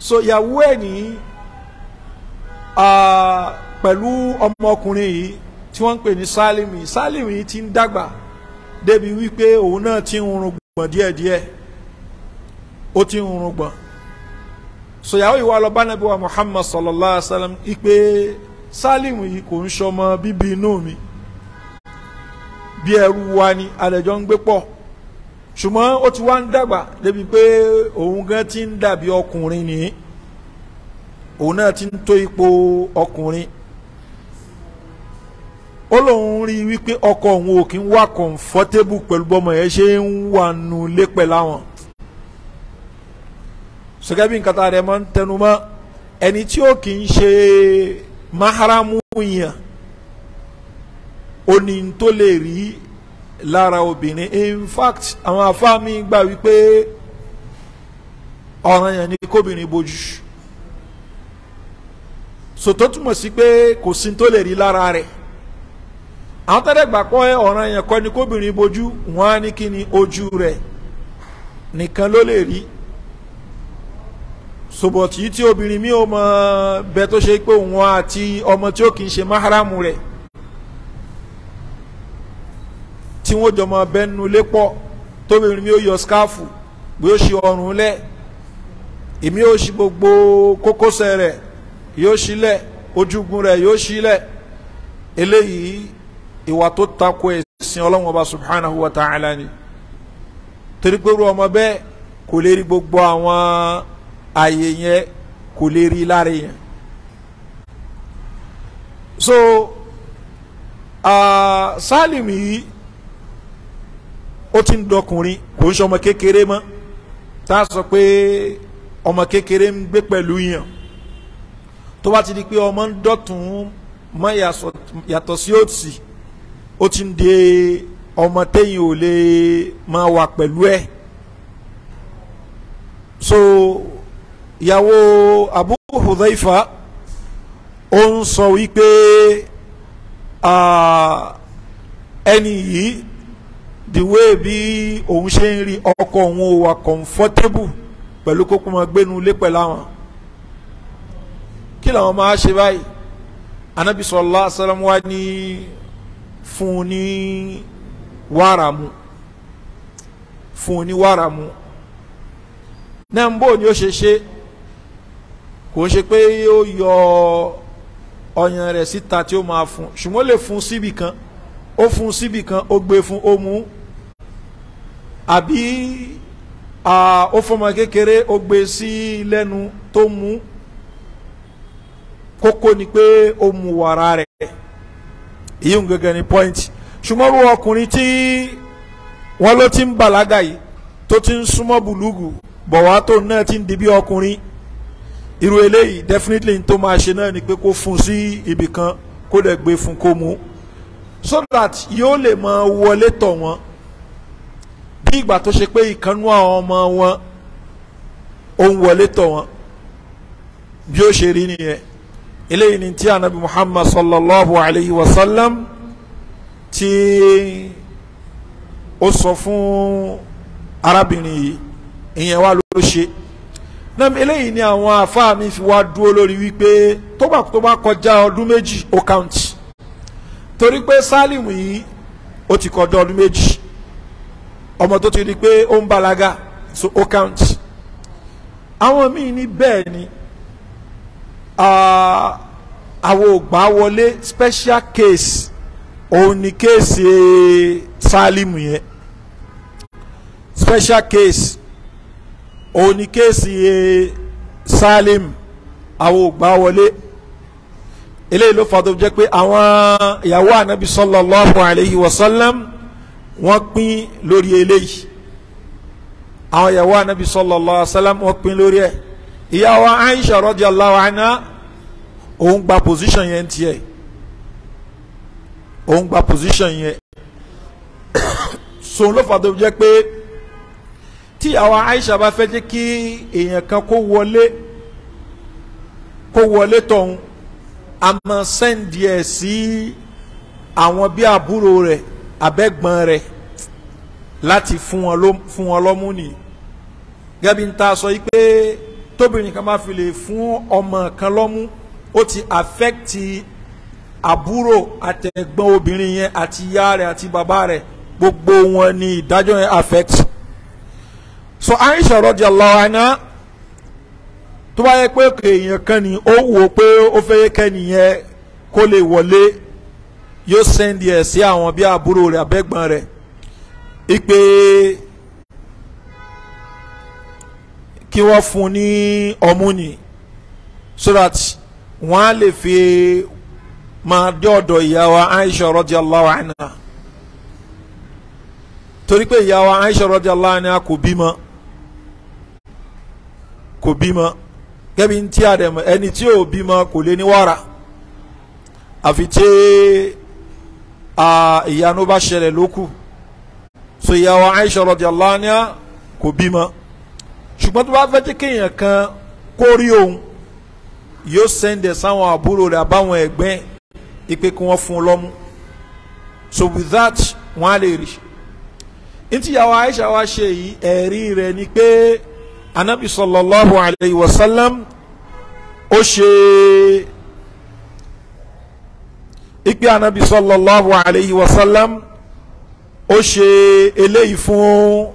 so ìyàwó ẹ̀ nìyí pẹ̀lú ọmọkùnrin yìí tí wọ́n ń pè ní sálímù sálímù yìí ti ń dàgbà débi wípé òun náà ti ń rungbọ̀n díẹ̀díẹ̀ ó ti ń rungbọ̀n sòyàwó ìwà lọ bánàbí wa Muhammad sallallahu alaihi wa sallam ipe sálímù yìí kò ń ṣọmọ bíbí inú mi bí ẹrú wa ni àlejò ń gbé pọ̀ ṣùgbọ́n ó ti wá ń dàgbà débi pé òun gan ti ń dàbí ọkùnrin nìyí òun náà ti ń tó ipò ọkùnrin ó lóun rí wípé ọkọ òun ò kí ń wá comfortable pẹ̀lú bọ́mọ yẹn ṣe ń wà nù lé pẹ̀lú àwọn bí nǹkan tá rẹ̀ máa ń tẹnu mọ́ ẹni tí ó kì í ṣe maharamu yàn ó ní tó lè rí lára obìnrin in fact àwọn afáàmì gbà wípé ọ̀ràn yẹn ni kóbìnrin bójú sòtó túmọ̀ sí pé kò sí tó lè rí lára rẹ̀ àwọn tẹ́lẹ̀ gbà pọ́ ọ̀ràn yẹn kọ́ ni kóbìnrin bojú wọn á ní kí ni ojú rẹ̀ nìkan ló lè rí sòbọ̀tì yìí tí obìnrin mi ò mọ bẹ tó ṣe pé òun àti ọmọ tí ó kì í ṣe máhàrámù rẹ̀ tí wọ́n jọ mọ bẹ́nu lépọ̀ tóbìnrin mi ò yọ skáfù bí ó ṣe ọrùn lẹ̀ èmi ò ṣe gbogbo kókósẹ̀ rẹ̀ yóò ṣílẹ̀ ojúgun rẹ̀ yóò ṣílẹ̀ eléyìí ìwà tó tako ẹ̀sìn ọlọ́run ọba subhanahu wa ta'ala ni torí ọmọ bẹ́ẹ̀ kò lè rí gbogbo àwọn àyè yẹn kò lè rí lára yẹn so uh, Salim yìí ó ti ń dọkùnrin kò ń ṣe ọmọ kékeré mọ́ tá a sọ pé ọmọ kékeré ń gbé pẹ̀lú yàn tó bá ti di pé ọmọ ń dọ̀tún mọ́ yàtọ̀ sí òsì ó ti ń de ọmọ téyìn ò lè máa wà pẹ̀lú ẹ̀ so ìyàwó Abu Hudhaifa ó ń sọ wípé ẹni yìí the way bí òun ṣe ń rí ọkọ òun ò wà comfortable pẹ̀lú kókó máa gbénu lé pẹ̀lú àwọn kí làwọn máa ṣe báyìí anabi sallallahu alaihi wasallam wá ní fún un ní wàrà mu fún un ní wàrà mu náà ń bò ní ó ṣe ṣe kò ń ṣe pé ó yọ ọyàn rẹ̀ síta tí ó máa fún ṣùgbọ́n lè fún síbì kan ó fún síbì kan ó gbé e fún ó mú àbí ó fọmọ kékeré ó gbé e sí lẹ́nu tó mú kókó ni pé ó mu wàrà rẹ̀ èyí gẹ́gẹ́ ni point ṣùgbọ́n ru ọkùnrin tí wọ́n ló ti ń bàlágà yìí tó ti ń súnmọ́ bùlùgù bọ̀wá tó náà ti ń di bí ọkùnrin irú eléyìí definitely n tó máa ṣe náà ni pé kó fún sí ibì kó dẹ̀ gbé fún kó mu so that yóò lè máa wọlé tọ̀ wọ́n bí ìgbà tó ṣe pé ìkànnú àwọn ọmọ wọn ó wọlé tọ̀ wọ́n bí ó ṣe rí nìyẹn eléyìí ni tí anabi muhammad sallallahu alayhi wa sallam tí ó sọ fún arábìnrin yìí ìyẹn wá ló ṣe náà eléyìí ni àwọn àfáà mi fi wá dúró lórí wípé tó bá tó bá kọjá ọdún méjì ó káùntì torí pé sálímù yìí ó ti kọjá ọdún méjì ọmọ tó ti di pé ó ń balaga so ó káùntì àwọn míì ní bẹ́ẹ̀ ni. Bẹ́ẹ̀ni, Ah, àwọn ògbà wọlé special case òun ni kéèsì eh, Sálímù yẹn special case òun ni kéèsì eh, Sálímù àwọn ògbà wọlé eléyìí ló fà tó jẹ́ pé àwọn ìyàwó ànábi sallallahu alayhi wa sallam wọ́n pín lórí eléyìí àwọn ìyàwó ànábi sallallahu alayhi wa sallam wọ́n pín lórí ẹ̀ ìyá wa Aisha radiyallahu anha òun gba position yẹn tiẹ̀ òun gba position yẹn so ló fà tó jẹ́ pé tí ìyá wa Aisha bá fẹ́ jẹ́ kí èèyàn kan kó wọlé kó wọlé tọ̀hún a máa sẹ́ǹdì ẹ̀ sí àwọn bí àbúrò rẹ̀ abẹ́gbọ́n rẹ̀ láti fún wọn lọ́mú nìyí gẹ́bí ń ta sọ yìí pé tóbìnrin kan máa fi lè fún ọmọ kan lọ́mú ó ti àfẹ́kìtì àbúrò àtẹ̀gbọ́n obìnrin yẹn àti ìyá rẹ̀ àti bàbá rẹ̀ gbogbo wọn ni ìdájọ́ yẹn àfẹ́kìtì. so Aisha radiyallahu anha tó bá yẹ pé òkè èèyàn kan ni ó wò ó pé ó fẹ́ yẹ kẹ́niyẹn kó lè wọlé yóò sẹ́ndì ẹ̀ sí àwọn bí àbúrò rẹ̀ abẹ́gbọ́n rẹ̀ ìpè. kí wọ́n fún ní ọmú so that wọ́n á lè fi máa dé ọ̀dọ̀ ìyá wa Aisha radiyallahu anha torí pé ìyá wa Aisha radiyallahu anha kò bímọ kò bímọ gẹ́bí ntí àdẹ̀mọ̀ ẹni tí ò bímọ kò lè ní wàrà àfi tí ìyanu bá ṣẹlẹ̀ lókù so ìyá wa Aisha radiyallahu anha kò bímọ ṣùgbọ́n tó bá fẹ́ jẹ́ kéèyàn kan kó rí òun yóò sẹ́ndẹ̀ sáwọn àbúrò rẹ̀ àbáwọn ẹ̀gbẹ́ ipe kí wọ́n fún un lọ́mú so with that wọ́n á lè rí ntíyàwó Aisha wa ṣe yìí ẹ̀rí rẹ̀ ni pé anabi sallallahu alayhi wa sallam ó ṣe ipe anabi sallallahu alayhi wa sallam ó ṣe eléyìí fún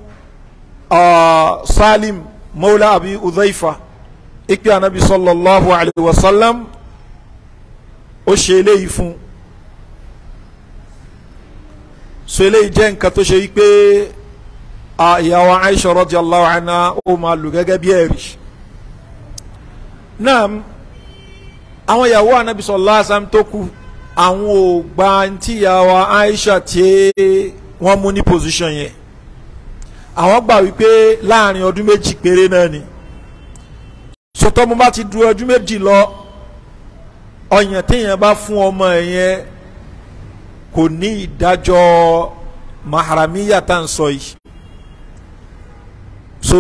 uh, Salim mawla abi udhaifa ikpe anabi sallallahu alayhi wa sallam ó ṣe eléyìí fún so eléyìí jẹ́ nǹkan tó ṣe yí pé ìyàwó aisha radiyallahu anha ó máa lò gẹ́gẹ́ bí ẹ̀rí náà àwọn ìyàwó anabi sallallahu alayhi wa sallam tó kù àwọn ò gba ti ìyàwó aisha tí wọ́n mú ní position yẹn àwọn gbà wípé láàrin ọdún méjì péré náà ni sọtọ́ mo bá ti du ọdún méjì lọ ọyàn téèyàn bá fún ọmọ yẹn kò ní ìdájọ́ maharamiya tá à sọ yìí so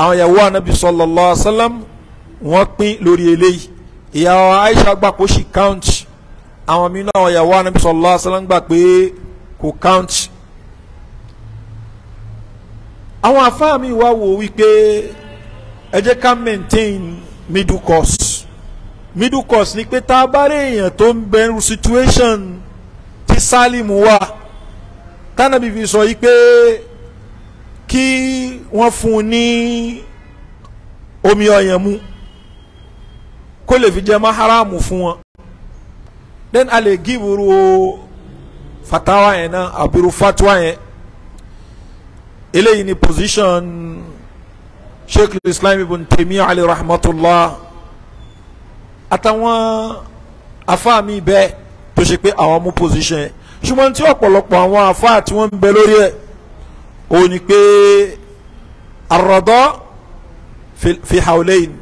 àwọn ìyàwó anabi sallallahu alaihi wasallam wọ́n pín lórí eléyìí ìyàwó Aisha gbà kó sì count àwọn mìíràn àwọn ìyàwó anabi sallallahu alaihi wasallam gbà pé kò count àwọn àfáà mi wá wò wípé ẹ jẹ́ ká maintain middle course middle course ni pé tá a bá rí èèyàn tó ń bẹ̀rù situation tí sálímù wà tánàbí fi sọ yìí pé kí wọ́n fún un ní omi ọyàn mu kó lè fi jẹ́ maharamu fún wọn then a lè gíburú fatawa yẹn náà àbúrò fatuwa yẹn eléyìí ni position sheikh islam ibn Taymiyyah ali rahmatullah àtàwọn afáàmì bẹ́ẹ̀ tó ṣe pé àwọn mú position yẹn ṣùgbọ́n tí ọ̀pọ̀lọpọ̀ àwọn afáà tí wọ́n ń bẹ lórí ẹ̀ òun ni pé àròdọ́ fi hawlẹ́yìn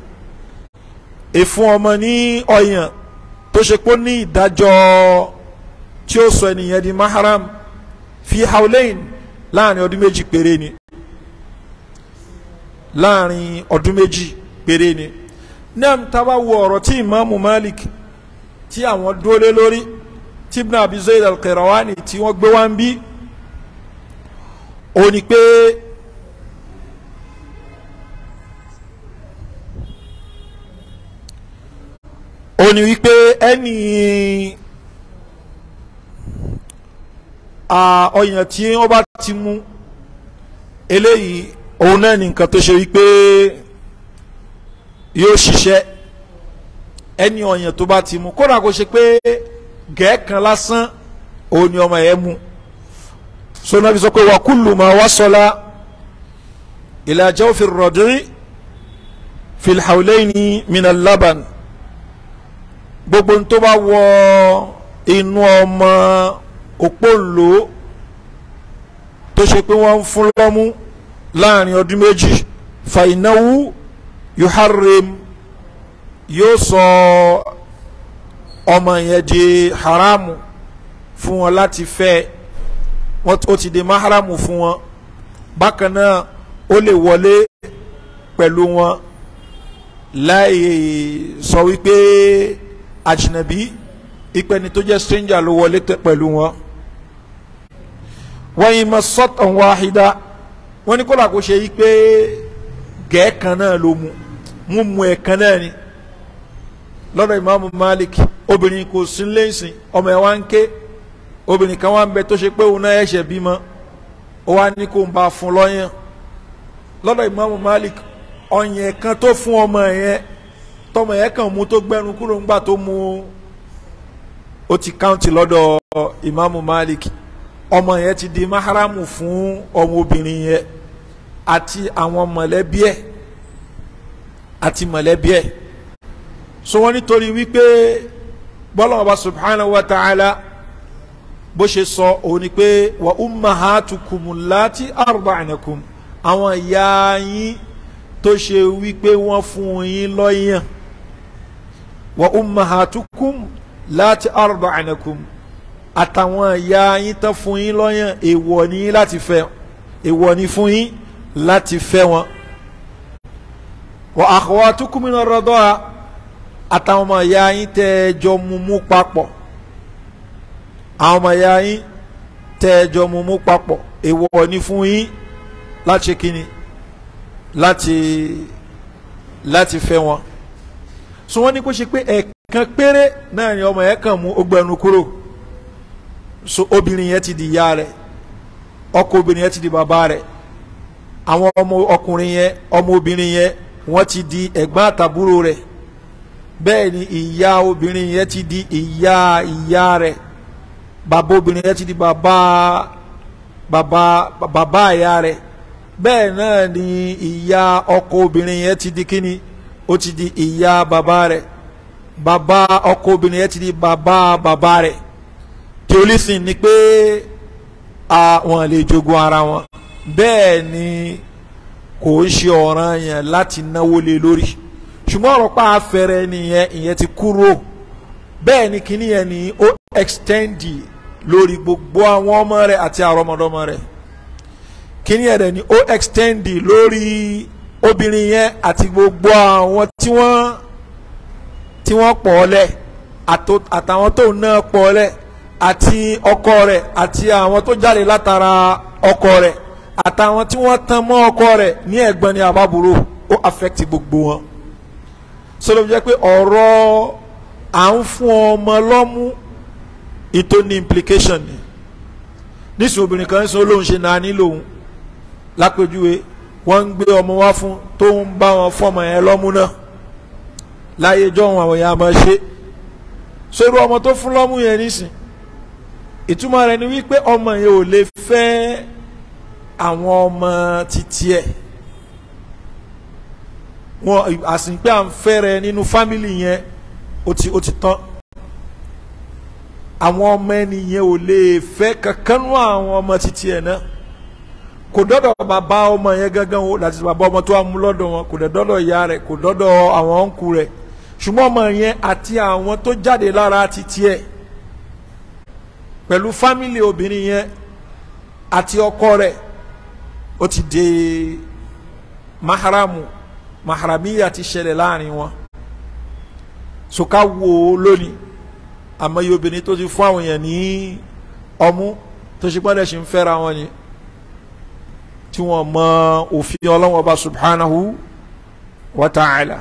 ìfún ọmọ ní ọyàn tó ṣe pé ní ìdájọ́ tí ó sọ ẹnìyẹn di maharam fi hawlẹ́yìn láàrin ọdún méjì péré ni láàrin ọdún méjì péré ni náà tábà wo ọ̀rọ̀ tí ìmáàmù Malik tí àwọn dúró lé lórí tí Ibn Abi Zayd al-Qayrawani tí wọ́n gbé wá ń bí ó ní pé ó ní wípé ẹnì ọyàn tí wọ́n bá ti mú eléyìí òun náà ní nǹkan tó ṣe wípé yóò ṣiṣẹ́ ẹni ọyàn tó bá ti mú kódà kó ṣe pé gẹ̀ẹ́kan lásán òun ni ọmọ yẹn mú sọnà bí sọ pé wàkúlù máa wá sọlá ìlàjẹ́ òfin rọ̀dín filhawlẹ́yìn minna laban gbogbo ń tó bá wọ inú ọmọ òpóǹlò tó ṣe pé wọ́n ń fún lọ́mú láàrin ọdún méjì fàìnáwó yuharrim yóò sọ ọmọ yẹn di haramu fún wọn láti fẹ́ wọn ó ti di maharamu fún wọn bákan náà ó lè wọlé pẹ̀lú wọn láì sọ wípé àjìnàbí ìpẹni tó jẹ́ stranger ló wọlé pẹ̀lú wọn. wọ́n yìí mọ sọ́tàn wáhídá wọ́n ní kọ́lá kó ṣe yí pé kan náà ló mu mú mu ẹ̀kan náà ni lọ́dọ̀ ìmáàmù Malik obìnrin kò sí lẹ́sìn ọmọ ẹ̀ wá ń ké obìnrin kan wá ń bẹ tó ṣe pé òun náà ẹ̀ṣẹ̀ bímọ ó wá ní kan tó fún ọmọ yẹn tọmọ yẹn mú tó kúrò ọmọ yẹn ti di maharamu fún ọmọbìnrin yẹn àti àwọn mọ̀lẹ́bí ẹ̀ àti mọ̀lẹ́bí ẹ̀ so wọ́n nítorí wípé bọ́lọ́mọ bá subhanahu wa ta'ala bó ṣe sọ òun ni pé wa ummahatukum lati arba'nakum àwọn ìyá yín tó ṣe wípé wọ́n fún yín lọ́yàn wa ummahatukum lati arba'nakum àtàwọn ìyá yín tán fún yín lọ́yàn èèwọ̀ ní láti fẹ́ èèwọ̀ ní fún yín láti fẹ́ wọn. wà akhawatukum min ar-radaa àtàwọn ọmọ ìyá yín tẹ́ ẹ jọ mumú papọ̀ àwọn ọmọ ìyá yín tẹ́ ẹ jọ mumú papọ̀ èèwọ̀ ní fún yín láti ṣe láti láti fẹ́ wọn. sọ wọ́n ní kó ṣe pé ẹ̀ẹ̀kan péré náà ni ọmọ ẹ̀ kàn mú ó kúrò. so obìnrin yẹn ti di ìyá rẹ ọkọ obìnrin yẹn ti di bàbá rẹ àwọn ọmọ ọkùnrin yẹn ọmọ obìnrin yẹn wọn ti di ẹ̀gbọ́n àtàbúrò rẹ bẹ́ẹ̀ ni ìyá obìnrin yẹn ti di ìyá ìyá rẹ bàbá obìnrin yẹn ti di bàbá bàbá bàbá ìyá rẹ̀ náà ni ìyá ọkọ obìnrin yẹn ti di kíni ó ti di the only thing ni pé àwọn lè jogun ara wọn bẹ́ẹ̀ ni kò ṣe ọ̀ràn yẹn láti náwó lé lórí ṣùgbọ́n ọ̀rọ̀ pa afẹ́rẹ́ nìyẹn ìyẹn ti kúrò bẹ́ẹ̀ ni kíní yẹn ni ó extend lórí gbogbo àwọn ọmọ rẹ̀ àti àrọ́mọdọ́mọ rẹ̀ kíní yẹn rẹ̀ ni ó extendi lórí obìnrin yẹn àti gbogbo àwọn tí wọ́n tí wọ́n pọ̀ ọ́ lẹ̀ àtàwọn tó náà pọ̀ ọ́ lẹ̀ àti ọkọ rẹ̀ àti àwọn tó jáde látara ọkọ rẹ̀ àtàwọn tí wọ́n tan mọ́ ọkọ rẹ̀ ní ẹ̀gbọ́n ni àbábúrò ó affect gbogbo wọn sọlọ jẹ́ pé ọ̀rọ̀ à ń fún ọmọ lọ́mú ètò ní implication ni nísìnyí obìnrin kan sọ lóun ṣe náà nílò òun lápèjúwe wọ́n ń gbé ọmọ wá fún tó ń bá wọn fọmọ yẹn lọ́mú náà láyé jọ̀hún àwọn èèyàn máa ṣe sórí ọmọ tó fún lọ́mú yẹn nísìnyí ìtumọ̀ rẹ̀ ni wípé ọmọ yẹn ò lè fẹ́ àwọn ọmọ títí ẹ̀ wọn àsìnpé à ń fẹ́rẹ̀ nínú fámìlì yẹn ó ti ó ti tán àwọn ọmọ ẹnìyẹn ò lè fẹ́ kankan nú àwọn ọmọ títí ẹ̀ náà kò dọ́dọ̀ bàbá ọmọ yẹn gangan o láti bàbá ọmọ tó wà mú lọ́dọ̀ wọn kò dọ́dọ̀ ìyá rẹ̀ kò dọ́dọ̀ àwọn ọ̀nkù rẹ̀ ṣùgbọ́n ọmọ yẹn àti àwọn tó jáde lára títí ẹ̀ pẹ̀lú fámìlì obìnrin yẹn àti ọkọ rẹ̀ ó ti dé maharamu maharamiya ti ṣẹlẹ̀ láàrin wọn so ká wo lónìí àmọ́ iye obìnrin tó ti fún àwọn èèyàn ní ọmú tó ṣe gbọ́dọ̀ ṣe ń fẹ́ra wọn ni tí wọ́n mọ òfin ọlọ́wọ́n subhanahu wa ta'ala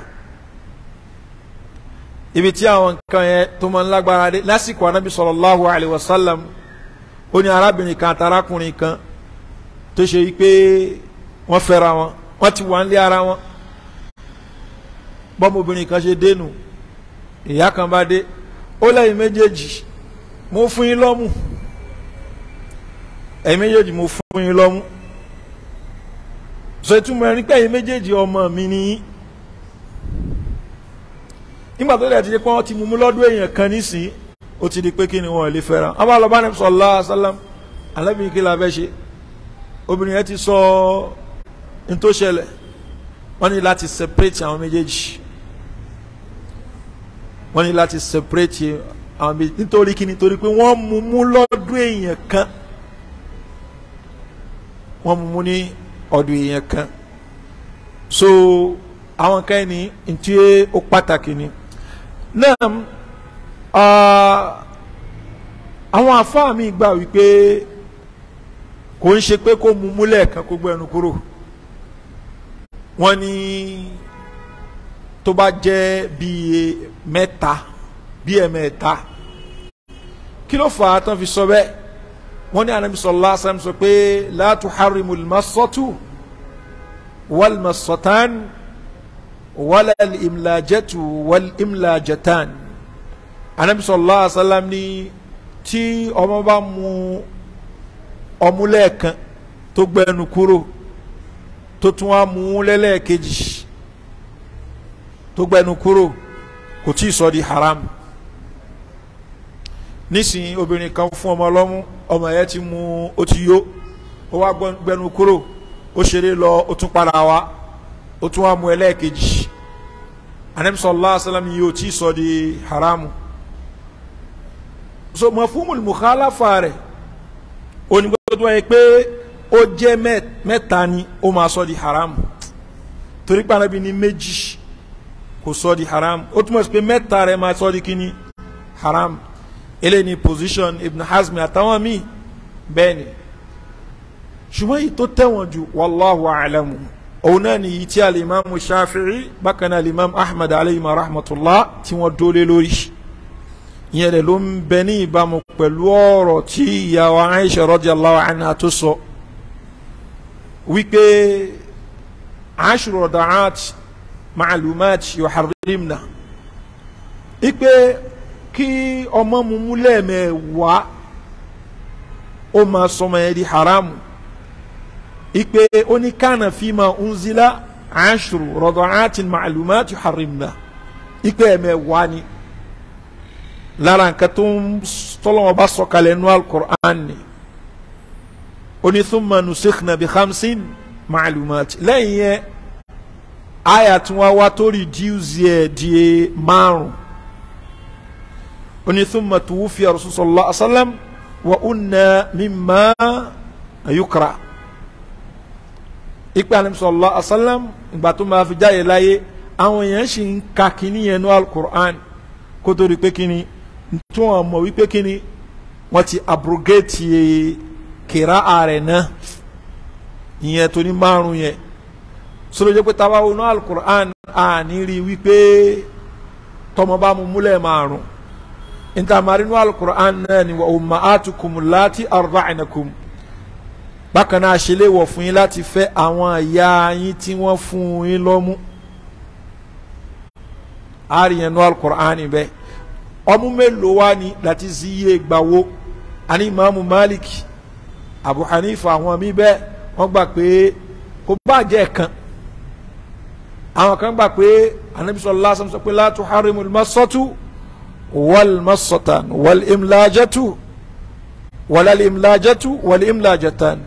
ibi tí àwọn nǹkan yẹn tó máa ń lágbára dé lásìkò anábì sallallahu alayhi wa sallam ó ní arábìnrin kan àtàrákùnrin kan tó ṣe yí pé wọ́n fẹ́ra wọn wọ́n ti wà ń lé ara wọn bọ́mọbìnrin kan ṣe dénú ìyá kan bá dé ó lẹ́yìn méjèèjì mo fún yín lọ́mú ẹ̀yin méjèèjì mo fún yín lọ́mú sọ ìtumọ̀ ẹni pé ẹ̀yin méjèèjì ọmọ mi ni yín nígbà tó lẹ́yìn ti di pé wọ́n ti mú mú lọ́dún èèyàn kan nísìn ó ti di pé kí ni wọ́n lè fẹ́ràn àwọn alọ́ba ní sọ̀lá sálám alábìyí kí la fẹ́ ṣe obìnrin yẹn ti sọ ní wọ́n ní láti separate àwọn méjèèjì wọ́n ní láti separate àwọn méjèèjì nítorí kí nítorí pé wọ́n mú mú lọ́dún èèyàn kan wọ́n mú ní ọdún èèyàn kan so àwọn kan ní ntí ó pàtàkì ni náà àwọn àfáà mi gbà wípé kò ń ṣe pé kó mú múlẹ̀ kan kó gbẹnu kúrò wọ́n ní tó bá jẹ́ bíi mẹ́ta bíi ẹ̀mẹ́ta kí ló fà á tán fi sọ bẹ́ẹ̀ wọ́n ní Ànábì sallallahu sọ pé la tuharrimul masatu wal wala imlajatu wal imlajatan anabi sallallahu alaihi wa sallam ni tí ọmọ bá mu ọmú lẹ́ẹ̀kan tó gbẹnu kúrò tó tún wá mu lẹ́lẹ́ẹ̀kejì tó gbẹnu kúrò kò tí ì sọ di haram nísìnyí obìnrin kan fún ọmọ ọlọ́mú ọmọ yẹn ti mu ó ti yó ó wá gbẹnu kúrò ó ṣeré lọ ó tún padà wá ó tún wá mu ẹlẹ́ẹ̀kejì anabi sallallahu alaihi wasallam yìí ó ti sọ di haramu so mafumul mukhalafa rẹ̀ onígbàgbọ́ wáyé pé ó jẹ́ mẹ́ta ni ó máa sọ di haramu torí pé anabi ní méjì kò sọ di haramu ó túmọ̀ sí pé mẹ́ta rẹ̀ máa di kíni haramu eléyìí ni position ibn hazmi àtàwọn míì bẹ́ẹ̀ ni ṣùgbọ́n èyí tó tẹ̀wọ̀n a'lamu òun náà nìyí tí alimami shafi'i bákan náà alimami ahmed alayhi ma rahmatulah tí wọ́n dólé lórí ìyẹn lè ló ń bẹ ní ìbámu pẹ̀lú ọ̀rọ̀ tí ìyá wa Aisha radiyallahu anha tó sọ wípé ashru da'at ma'lumat yuharrimna ipe kí ọmọ mumu lẹ́ẹ̀mẹ̀wá ó máa sọmọ ẹ̀ haramu ipe oníkànnà fíìmà unzila ashru rọdọ̀nàtì màlúmáàtì harimna ipe ẹ̀mẹ̀wá ni lára nǹkan tó ń tọ́lọ́wọ́n bá sọ̀kalẹ̀ nú alukur'an ni oní thumma nusikhna bi khamsin màlúmáàtì lẹ́yìn yẹn àyà tí wọ́n wá tó reduce ẹ̀ di márùn oní thumma tuwufiya rasulullah sallam wa unna mimma yukra ipe alimusọlọ asalam ìgbà tó máa fi jáde láyé àwọn èèyàn sì ń ka kínní yẹn ní alukur'an kó tó di pé kínní tí wọ́n mọ̀ wípé kínní wọ́n ti abrogate kira ààrẹ náà ìyẹn tó ní márùn yẹn sọlọ́jọ́ pé táwa wọnú alukur'an àní rí wípé tọmọ bá márùn ìtàmárínú alukur'an náà ni wà ó ma àtúkùmù láti arba'inakum bákan náà ṣe léèwọ̀ fún yín láti fẹ́ àwọn ìyá yín tí wọ́n fún yín lọ́mú àríyànú alukur'ani bẹ́ẹ̀ ọmú mélòó wá ní láti sí iye ìgbàwó àní imaamu malik abu hanifa àwọn mi bẹ́ẹ̀ wọ́n gbà pé kò bàjẹ́ kan àwọn kan gbà pé anabi lásán sọ pé látú harimu masọ́tù wàlmasọ́tàn wàlimlajatu wàlalimlajatu wàlimlajatan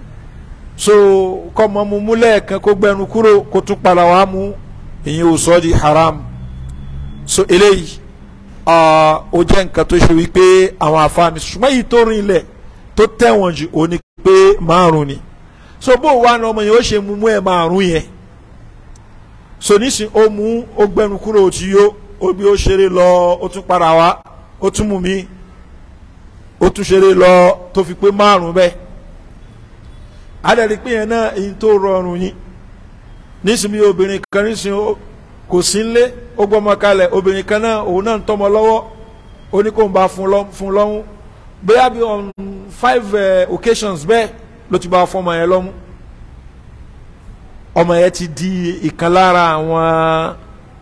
so kọ́mọ mu mú lẹ́ẹ̀kan kó gbẹnu kúrò kó tún padà wá mú ìyẹn ò sọ di haram so eléyìí ó jẹ́ nǹkan tó ṣe wípé àwọn afáàmì ṣùgbọ́n èyí tó rìn ilẹ̀ tó tẹ̀wọ̀n jù ó ní pé márùn ni so bó wà ní ọmọ yẹn ó ṣe mú mú ẹ̀ márùn yẹn so nísìn ó mú ó gbẹnu kúrò ó ti yó ó gbé ó ṣeré lọ ó tún padà wá ó tún mú mi ó tún ṣeré lọ tó fi pé márùn bẹ́ẹ̀ adẹ̀rí pé yẹn náà èyí tó rọrùn yín nísìnyí obìnrin kan nísìnyí kò sí nlé ó gbọ́mọ kalẹ̀ obìnrin kan náà òun náà ń tọ́mọ lọ́wọ́ ó ní kó ń bá fún lọ́mú bóyá bí on five uh, occasions bẹ́ẹ̀ ló ti bá fọmọ yẹn lọ́mú ọmọ yẹn ti di ìkan lára àwọn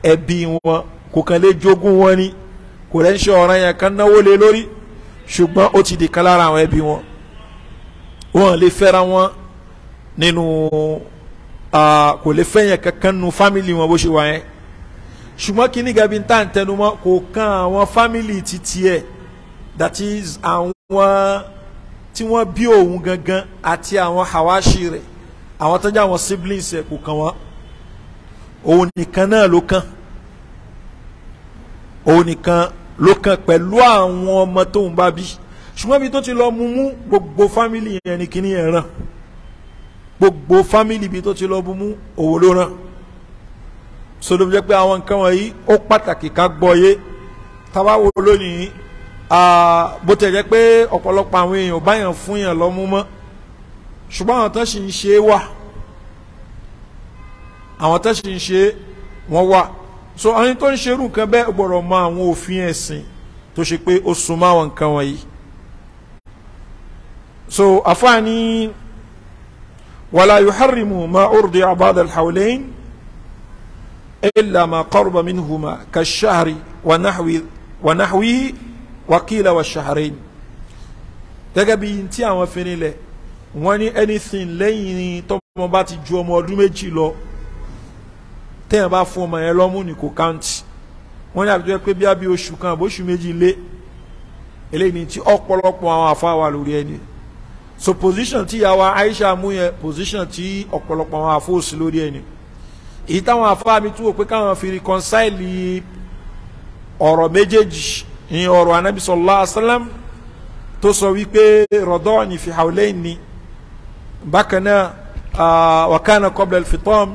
ẹbí wọn kò kàn lè jogún wọn ni kò rẹ̀ ń ṣe ọ̀ràn yẹn kan náwó lé lórí ṣùgbọ́n ó ti di ìkan lára àwọn ẹbí wọn wọn lè fẹ́ra wọn nínú kò lè fẹ́ yẹn kankan nu fámìlì wọn bó ṣe wà yẹn ṣùgbọ́n kíní gàbí ń tà ń tẹnu mọ́ kò kan àwọn fámìlì títí ẹ̀ that is àwọn tí wọ́n bí òun gangan àti àwọn hawashi rẹ̀ àwọn tó jẹ́ àwọn siblings ẹ̀ kò kàn wọ́n òun nìkan náà ló kàn òun nìkan ló kàn pẹ̀lú àwọn ọmọ tóun bá bí ṣùgbọ́n ibi tó ti lọ mú mú gbogbo fámìlì yẹn ni kíní yẹn ràn gbogbo fámìlì ibi tó ti lọ bú mú òwò ló ràn sọdọ jẹ́ pé àwọn nǹkan wọ̀nyí ó pàtàkì ká gbọ́ yé táwa wo lónìí bó tẹ̀ jẹ́ pé ọ̀pọ̀lọpọ̀ àwọn èèyàn ò báyàn fún yàn lọ́mú mọ́ ṣùgbọ́n àwọn tán sì ń ṣe wà àwọn tán sì ń ṣe wọ́n wà so àwọn tó ń ṣerú nǹkan bẹ́ẹ̀ gbọ́dọ̀ mọ àwọn òfin ẹ̀sìn tó ṣe pé ó sún àwọn nǹkan wọ̀nyí so àfáàní. ولا يحرم ما أرضع بعد الحولين إلا ما قرب منهما كالشهر ونحو ونحوه وقيل والشهرين تجبي انتي àwọn fini lẹ wọ́n ní anything lẹ́yìn tọ́mọ bá ti ju ọmọ ọdún méjì lọ tẹ́yìn bá fún ọmọ yẹn lọ́mú ni kò count wọ́n ní àbíjọ́ pé bí a bí oṣù kan àbóṣù méjì lé eléyìí ni tí ọ̀pọ̀lọpọ̀ àwọn àfa wà lórí ẹni so position tí yàwá Aisha mu yẹn position tí ọ̀pọ̀lọpọ̀ àwọn àfọ́sí lórí ẹ̀ ni èyí táwọn afáàmì tún wò pé káwọn fi reconcile ọ̀rọ̀ méjèèjì ní ọ̀rọ̀ anabi sallallahu alaihi tó sọ wípé rọ̀dọ́ ni fi ni bákan náà wa kana qabla fitam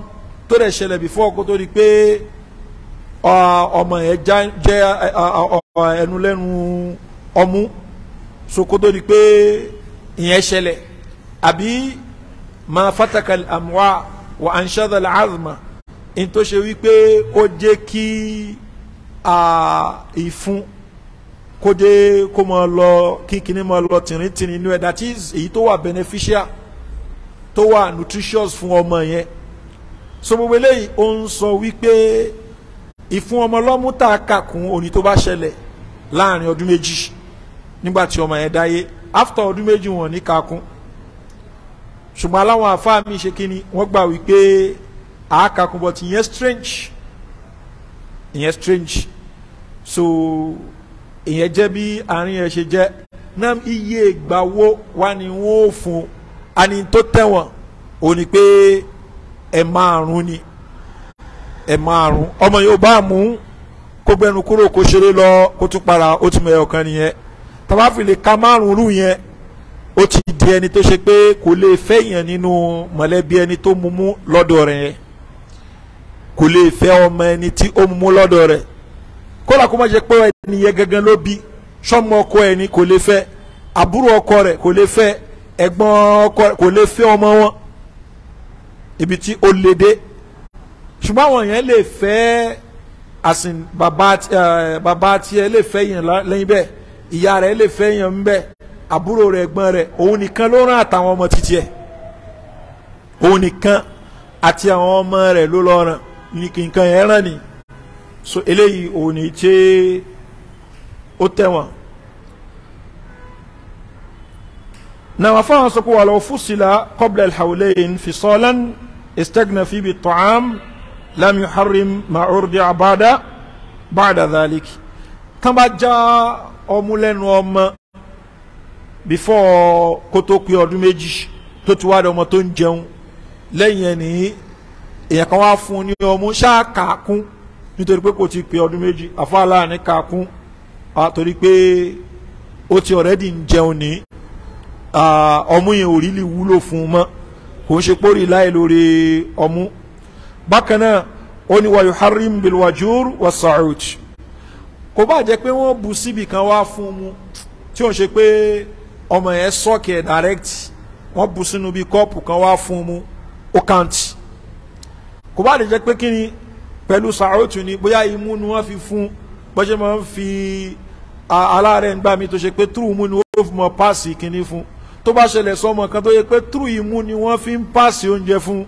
tó rẹ̀ ṣẹlẹ̀ bí fọ́ọ̀kú tó rí pé ọmọ yẹn jẹ́ ẹnu lẹ́nu ọmú so kó tó rí pé ìyẹn ṣẹlẹ̀ àbí ma fatakal amwa wa anshada al-azma in tó ṣe wípé ó jẹ́ kí ìfun kó jẹ́ kó mọ lọ kí kíní mọ lọ tìrìntìrìn inú ẹ̀ that is èyí tó wà beneficial tó wà nutritious fún ọmọ yẹn so gbogbo eléyìí ó ń sọ wípé ìfún ọmọ lọ́mú tá a kà kún òní tó bá ṣẹlẹ̀ láàrin ọdún méjì nígbà tí ọmọ yẹn dáyé after ọdún méjì wọn ní kakún ṣùgbọ́n aláwọn àfáà mi ṣe kí ni wọ́n gbà wípé àákakún but ìyẹn strange ìyẹn strange so ìyẹn jẹ́ bí àárín ẹ̀ ṣe jẹ́ náà iye ìgbà wo wá ni wọ́n ò fún ani tó tẹ̀wọ̀n ò ní pé ẹ̀ márùn ni ẹ̀ márùn ọmọ yóò bá mú kó gbẹnu kúrò kó ṣeré lọ kó tún para ó tún mọ ẹ̀ ọ̀kan nìyẹn tọ́ba fi lè ka márùn rú yẹn ó ti di ẹni tó ṣe pé kò lè fẹ́ yàn nínú mọ̀lẹ́bí ẹni tó mú mú lọ́dọ̀ rẹ̀ kò lè fẹ́ ọmọ ẹni tí ó mú mú lọ́dọ̀ rẹ̀ kódà kó má jẹ́ pé ẹni yẹn gangan ló bí sọ́mọ ọkọ ẹni kò lè fẹ́ àbúrò ọkọ rẹ̀ kò lè fẹ́ ẹ̀gbọ́n ọkọ rẹ̀ kò lè fẹ́ ọmọ wọn ibi tí ó lè dé ṣùgbọ́n àwọn yẹn lè fẹ́ asin bàbá tiẹ̀ eh, lè fẹ́ yàn lẹ́yìn bẹ́ẹ̀ ìyá rẹ̀ lè fẹ́ yan ń bẹ́ àbúrò rẹ̀ ẹ̀gbọ́n rẹ̀ òun nìkan ló rán àtàwọn ọmọ títí ẹ̀ òun nìkan àti àwọn ọmọ rẹ̀ ló lọ ràn nìkan yẹn ràn ni so eléyìí òun ní tí ó tẹ̀wọ̀n. náà fáwọn sọ pé wà lọ́wọ́ fúsìlà qabla al-hawlayn fisalan istagna fi bi ta'am lam yuharrim ma'urdi abada ba'da tán bá já ọmú lẹ́nu ọmọ before kó tó pé ọdún méjì tó ti wá di ọmọ tó ń jẹun lẹ́yìn ẹ̀ ní èèyàn kan wá fún un ní ọmú ṣáà kàákún nítorí pé kò ti pé ọdún méjì àfáàlà ní kàákún àtòrí pé ó ti ọ̀rẹ́dì ń jẹun ní ọmú yẹn ò rí lè wúlò fún un mọ́ kò ń ṣe pórí láì lórí ọmú bákan náà ó ní wàyò harim bilwajur wa saud kò bá jẹ́ pé wọ́n bu síbi kan wá fún mu tí ò ń ṣe pé ọmọ yẹn sọ́ọ̀kì ẹ̀ direct wọ́n bu sínú bíi kọ́ọ̀pù kan wá fún mu ó kàǹtì kò bá lè pé kí ni pẹ̀lú sàrọ́tù ni bóyá imú ni wọ́n fi fún bọ́sẹ̀ máa ń fi aláàárẹ̀ ń gbà mí tó ṣe pé túrú imú ni wọ́n fi mọ páàsì kínní fún tó bá ṣẹlẹ̀ sọmọ kan tó yẹ pé túrú imú ni wọ́n fi ń páàsì oúnjẹ fún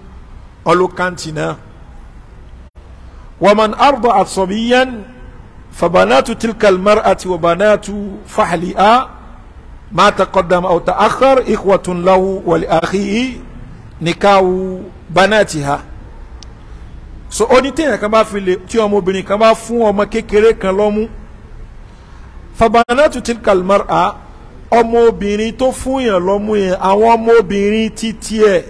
ọlọ́kàǹtì náà. wàmán àrùbọ̀ àtọ̀bíyẹn فبنات تلك المرأة وبنات فحلها ما تقدم أو تأخر إخوة له ولأخيه نكاو بناتها so oni téèyàn kan bá fi lè tí ọmọbìnrin kan bá fún ọmọ kékeré kan lọ́mú fabanatu tilka almar'a ọmọbìnrin tó fún yàn lọ́mú yẹn àwọn ọmọbìnrin ti tiẹ̀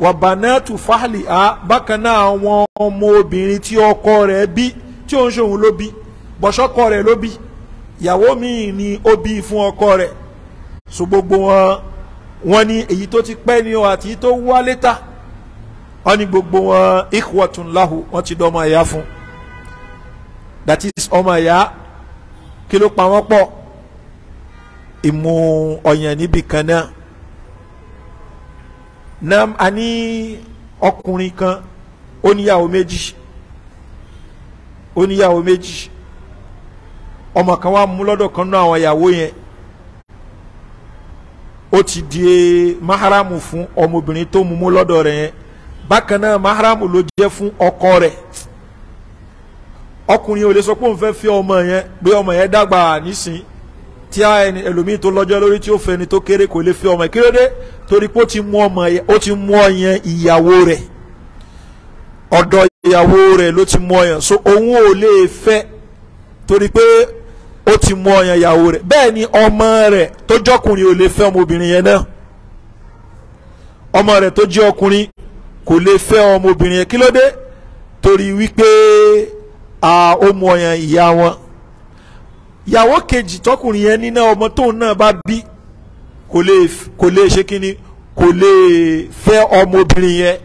wà banatu fahliha bákan náà àwọn ọmọbìnrin tí ọkọ rẹ̀ bí tí òun ṣòun ló bí bọ̀ṣọ́kọ rẹ̀ ló bí ìyàwó míì ni ó bí fún ọkọ rẹ̀ so gbogbo wọn wọn ní èyí tó ti pẹ́ ni o àti tó wá létà wọn ní gbogbo wọn ikhwatun lahu wọn ti dọ́ ẹ̀yà fún that is ọmọ ẹ̀yà kí ló pa wọ́n pọ̀ ìmú ọ̀yàn níbì kan náà nam a ní ọkùnrin kan ó méjì ó méjì ọmọ kan wá mú lọ́dọ̀ kan náà àwọn ìyàwó yẹn ó ti di maharamu fún ọmọbìnrin tó mú mú rẹ̀ yẹn bákan náà maharamu ló jẹ́ fún ọkọ rẹ̀ ọkùnrin ò lè sọ pé òun fẹ́ fi ọmọ yẹn gbé ọmọ yẹn dàgbà nísìn tí a ẹlòmíì tó lọ́jọ́ lórí tí ó fẹ́ ni tó kéré kò lè fi ọmọ yẹn kí ló dé torí pé ó ti mú yẹn so òun ò lè fẹ́ torí ó ti mú ọyàn ìyàwó rẹ̀ bẹ́ẹ̀ ni ọmọ rẹ̀ tó jọkùnrin ò lè fẹ́ ọmọbìnrin yẹn náà ọmọ rẹ̀ tó jẹ́ ọkùnrin kò lè fẹ́ ọmọbìnrin yẹn kí ló dé torí wípé ó mú ọyàn ìyá wọn ìyàwó kejì tọkùnrin yẹn níná ọmọ tóun náà bá bí kò lè ṣe kínní kò lè fẹ́ ọmọbìnrin yẹn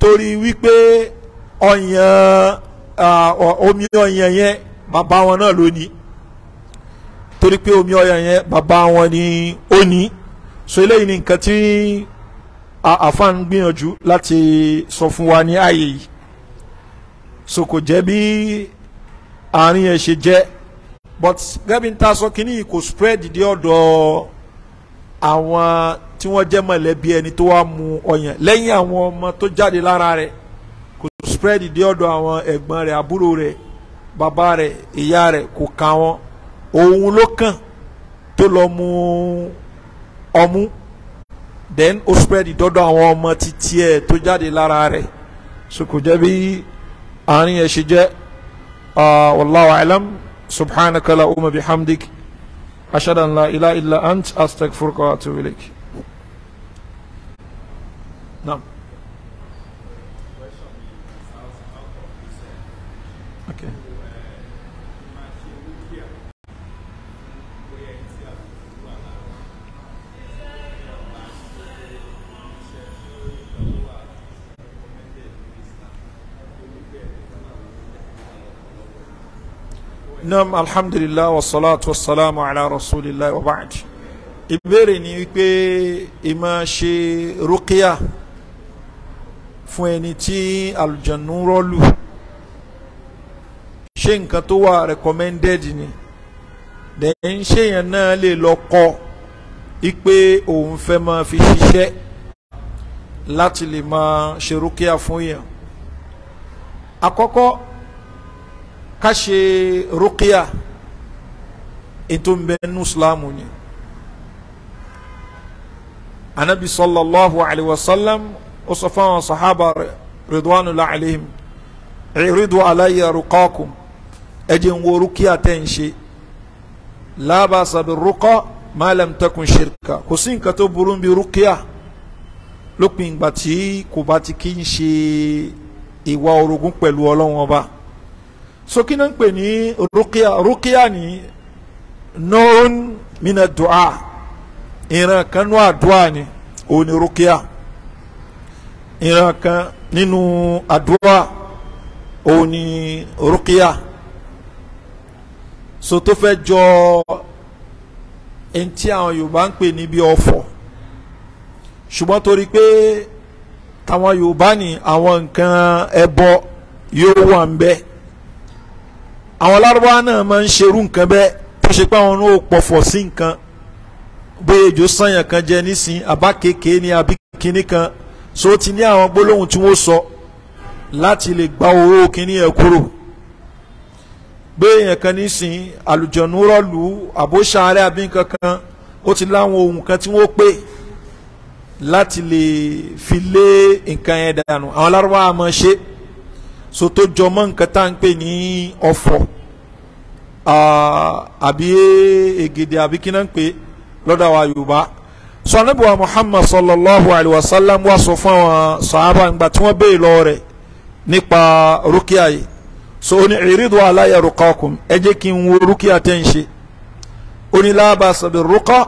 torí wípé ọyàn omi ọyàn yẹn bàbá wọn náà ló torí pé omi ọyàn yẹn bàbá wọn ni ó ní so eléyìí ni nǹkan tí àfa ń gbìyànjú láti sọ fún wa ní ààyè yìí so kò jẹ́ bí àárín yẹn ṣe jẹ́ but gẹ́bí ń ta sọ kínní yìí kò spread dé ọ̀dọ̀ àwọn tí wọ́n jẹ́ mọ̀lẹ́bí ẹni tó wá mu ọyàn lẹ́yìn àwọn ọmọ tó jáde lára rẹ̀ kò spread dé ọ̀dọ̀ àwọn ẹ̀gbọ́n rẹ̀ àbúrò rẹ̀ bàbá rẹ̀ ìyá rẹ̀ kò kà wọ́n òun ló kàn tó lọ mu ọmú then ó spread dọ́dọ̀ àwọn ọmọ títí ẹ̀ tó jáde lára rẹ̀ so kò jẹ́ bí àárín ẹ̀ ṣe jẹ́ ah, wallahu alam subhanaka la umma bihamdik ashhadu an ilaha illa ant astaghfiruka wa atubu ilayk. Naam. nam alhamdulilah wasalaatu wasalaamu ala rasulillah wa baad ìbéèrè ni wípé ìmọ̀ ṣe rúkìá fún ẹni tí àlùjànnú rọ́lù ṣé nǹkan tó wà recommended ni dẹ̀yìn ṣéyàn náà lè lọ kọ́ ipe òun fẹ́ máa fi ṣiṣẹ́ láti lè máa ṣe rúkìá fún yẹn àkọ́kọ́ ká ṣe rukia ètò ń bẹ nínú islamu ni anabi sallallahu alayhi wa sallam ó sọ fáwọn sahaba ridwanullah alayhim iridu alayya ruqakum ẹ jẹ́ n wo rukia tẹ́ ń ṣe labasa bi ruqa ma lam takun shirka kò sí nǹkan tó burú bí rukia lópin ìgbà tí kò bá ti kí ń ṣe ìwà orogún pẹ̀lú ọlọ́wọ́n ọba so kí ló ń pè ní rukia rukia ni noon mina dua ìran kan nínú àdúrà ni òun ni rukia ìran kan nínú adua òun ni rukia so tó fẹ́ jọ ẹni tí àwọn Yorùbá ń pè ní bí ọ̀fọ̀ ṣùgbọ́n torí pé tàwọn Yorùbá ní àwọn nǹkan ẹbọ yóò wà ń bẹ́ẹ̀ àwọn lárúbáwá náà máa ń ṣerú nǹkan bẹ́ẹ̀ tó ṣe pé àwọn náà pọ̀fọ̀ sí nǹkan bóyá ejò sànyàn kan jẹ nísìn àbá kéèké ni àbí kínní kan so ti ní àwọn gbólóhùn tí wọ́n sọ láti lè gba owó kínní yẹn kúrò bóyá kan nísìn àlùjọ̀nù rọ̀lù àbóṣàárẹ̀ àbí nǹkan kan ó ti láwọn ohun kan tí wọ́n pè láti lè fi lé nǹkan yẹn dànù àwọn lárúbáwá máa ṣe é. Soto tó jọmọ́ nǹkan tá à ń pè ní ọ̀fọ̀ àbí ègèdè àbí kí náà ń pè lọ́dọ̀ wa yorùbá so muhammad sallallahu alayhi wa sallam wá sọ fún àwọn sàhábà ńgbà tí wọ́n béè lọ rẹ̀ nípa rúkìá yìí so ó ní ìrìdù aláya rúkọ́kùn ẹ jẹ́ kí n wo rúkìá tẹ́ ń ṣe ó ní láàbà sàbí rúkọ́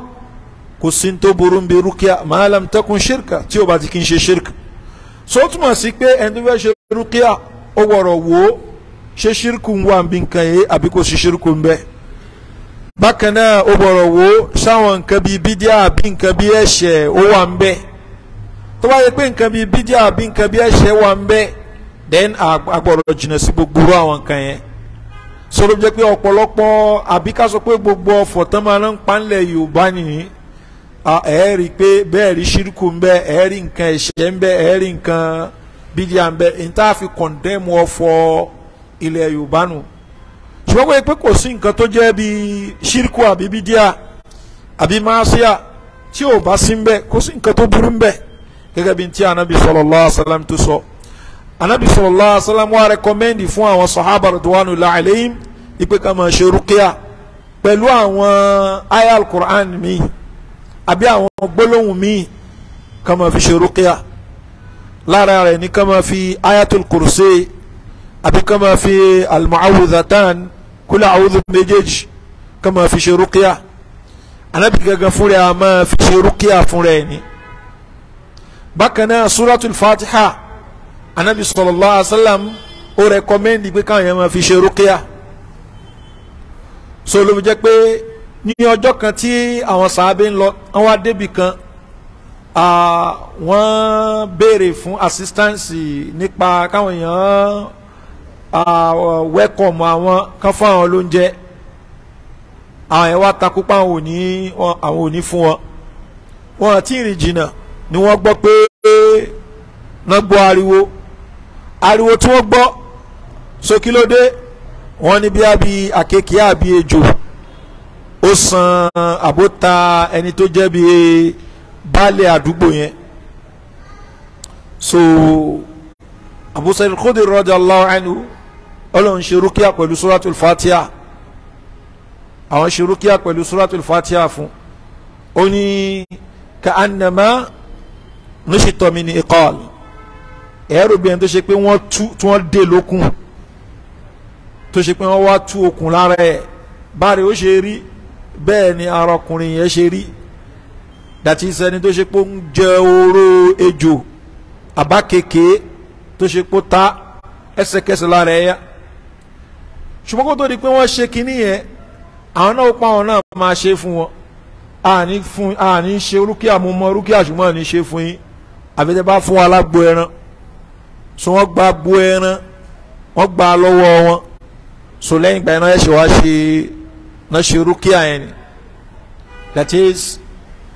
kò sí tó burú bí rúkìá màálàm tẹ́kùn ṣírkà tí ó bá ti kí n ṣe ṣírkà so ó túmọ̀ sí pé ẹni tó fẹ́ ṣe rúkìá ó wọ̀rọ̀ wò ó ṣé ṣírkù ń wà bí nǹkan yìí àbí kò sí ṣírkù ń bẹ. bákan náà ó wọ̀rọ̀ wò ó nǹkan bíi bídíà àbí nǹkan bíi ẹ̀ṣẹ̀ ó wà ń bẹ. tó bá yẹ pé nǹkan bíi bídíà àbí nǹkan bíi ẹ̀ṣẹ̀ wà ń bẹ then agbọ̀rọ̀ jìnnà sí gbogbo irú àwọn nǹkan yẹn. sọ̀rọ̀ jẹ́ pé ọ̀pọ̀lọpọ̀ àbí ká sọ pé gbogbo ọ̀fọ̀ tán máa ń panlẹ̀ Yorùbá nìyí ẹ̀ẹ́rì pé bẹ́ẹ̀ rí ṣírkù ń bẹ ẹ̀ẹ́rì nǹkan ẹ̀ṣẹ̀ ń bẹ ẹ̀ẹ́rì nǹkan Bidi ń bẹ n tá a fi kọ̀ndẹ́mù ọ̀fọ̀ ilẹ̀ yorùbá nù ṣùgbọ́n pé pé kò sí nǹkan tó jẹ́ bíi ṣírkù àbí bídíà àbí máṣíà tí ò bá sí ń kò sí nǹkan tó burú ń gẹ́gẹ́ bí ti anabi sallallahu alaihi wasallam tó sọ anabi sallallahu alaihi wasallam wa rẹkọmẹ́ndì fún àwọn sahaba radwanullahi alaihim ipe ká máa ṣe rúkíà pẹ̀lú àwọn ayal Qur'an mi àbí àwọn gbólóhùn mi ká máa fi ṣe rúkíà lára rẹ̀ ní ká máa fi ayatul kursi àbí ká máa fi almuawudatan kúlẹ̀ àwùdù méjèèjì ká máa fi ṣe rúkìá anabi gangan fún rẹ̀ a máa fi ṣe rúkìá fún rẹ̀ ni. bákan náà suratul fatiha anabi sallallahu alaihi wa sallam ó rẹkọmẹ́ndì pé káwọn yẹn máa fi ṣe rúkìá so jẹ́ pé ní ọjọ́ kan tí àwọn sàábé ń lọ àwọn adébì kan wọ́n béèrè fún assistance nípa káwọn èèyàn welcome àwọn kan fún àwọn lóúnjẹ àwọn ẹ̀ wá takú pa àwọn òní àwọn òní fún wọn wọn àti ìrìn jìnnà ni wọ́n gbọ́ pé wọ́n gbọ́ ariwo ariwo tí wọ́n gbọ́ sókílódé wọ́n ní bí abi àkekèé àbí ejò ó san àbóta ẹni tó jẹ́ bíi baálé àdúgbò yẹn so Abu Sa'id al-Khudri radiyallahu anhu ọlọ́run ṣe rúkìá pẹ̀lú suratul fatiha àwọn ṣe rúkìá pẹ̀lú suratul fatiha fún ó ní ka annama nushita min iqal ẹ̀rù bí ẹni tó ṣe pé wọ́n tú tí wọ́n dé lókun tó ṣe pé wọ́n wá tú okùn lára ẹ̀ báre ó ṣe rí bẹ́ẹ̀ ni ara yẹn ṣe rí dàtí sẹni tó ṣe pé ń jẹ oró ejò àbá kékeré tó ṣe pé ta ẹsẹ̀kẹsẹ̀ lára ẹ yá ṣùgbọ́n kó tó di pé wọ́n ṣe kinní yẹn àwọn náà pa àwọn náà máa ṣe fún wọn àní fún àní ṣe rúkìá mo mọ rúkìá àní ṣe fún yín àfi bá fún alágbo ẹran so wọ́n gba agbo ẹran wọ́n gba lọ́wọ́ wọn so lẹ́yìn ìgbà yẹn náà ẹ̀ ṣe wá ṣe náà ṣe rúkìá yẹn ni that is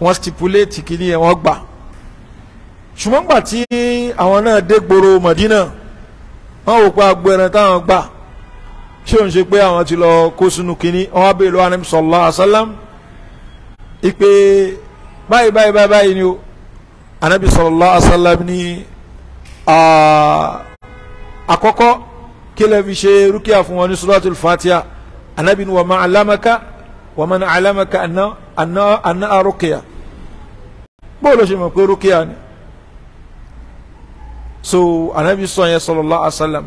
wọ́n stipulate kí ni yẹn wọ́n gbà ṣùgbọ́n gbà tí àwọn náà dé gbòòrò Mọ̀dínà wọ́n wò pé agbo ẹran táwọn gbà ṣé òun ṣe pé àwọn ti lọ kó sínú kínní wọ́n á bèèrè lọ́wọ́ anam sallallahu alaihi wasallam ìpè báyìí báyìí báyìí báyìí ni o anabi sallallahu alaihi wasallam ní àkọ́kọ́ kí lè fi ṣe rúkìá fún wọn ní suratul fatiha anabi ni wa ma alamaka wa man alamaka anna anna anna arukiya bó ló ṣe mọ̀ pé rúkìá ni so anabi sọ yẹn sallallahu alaihi wasallam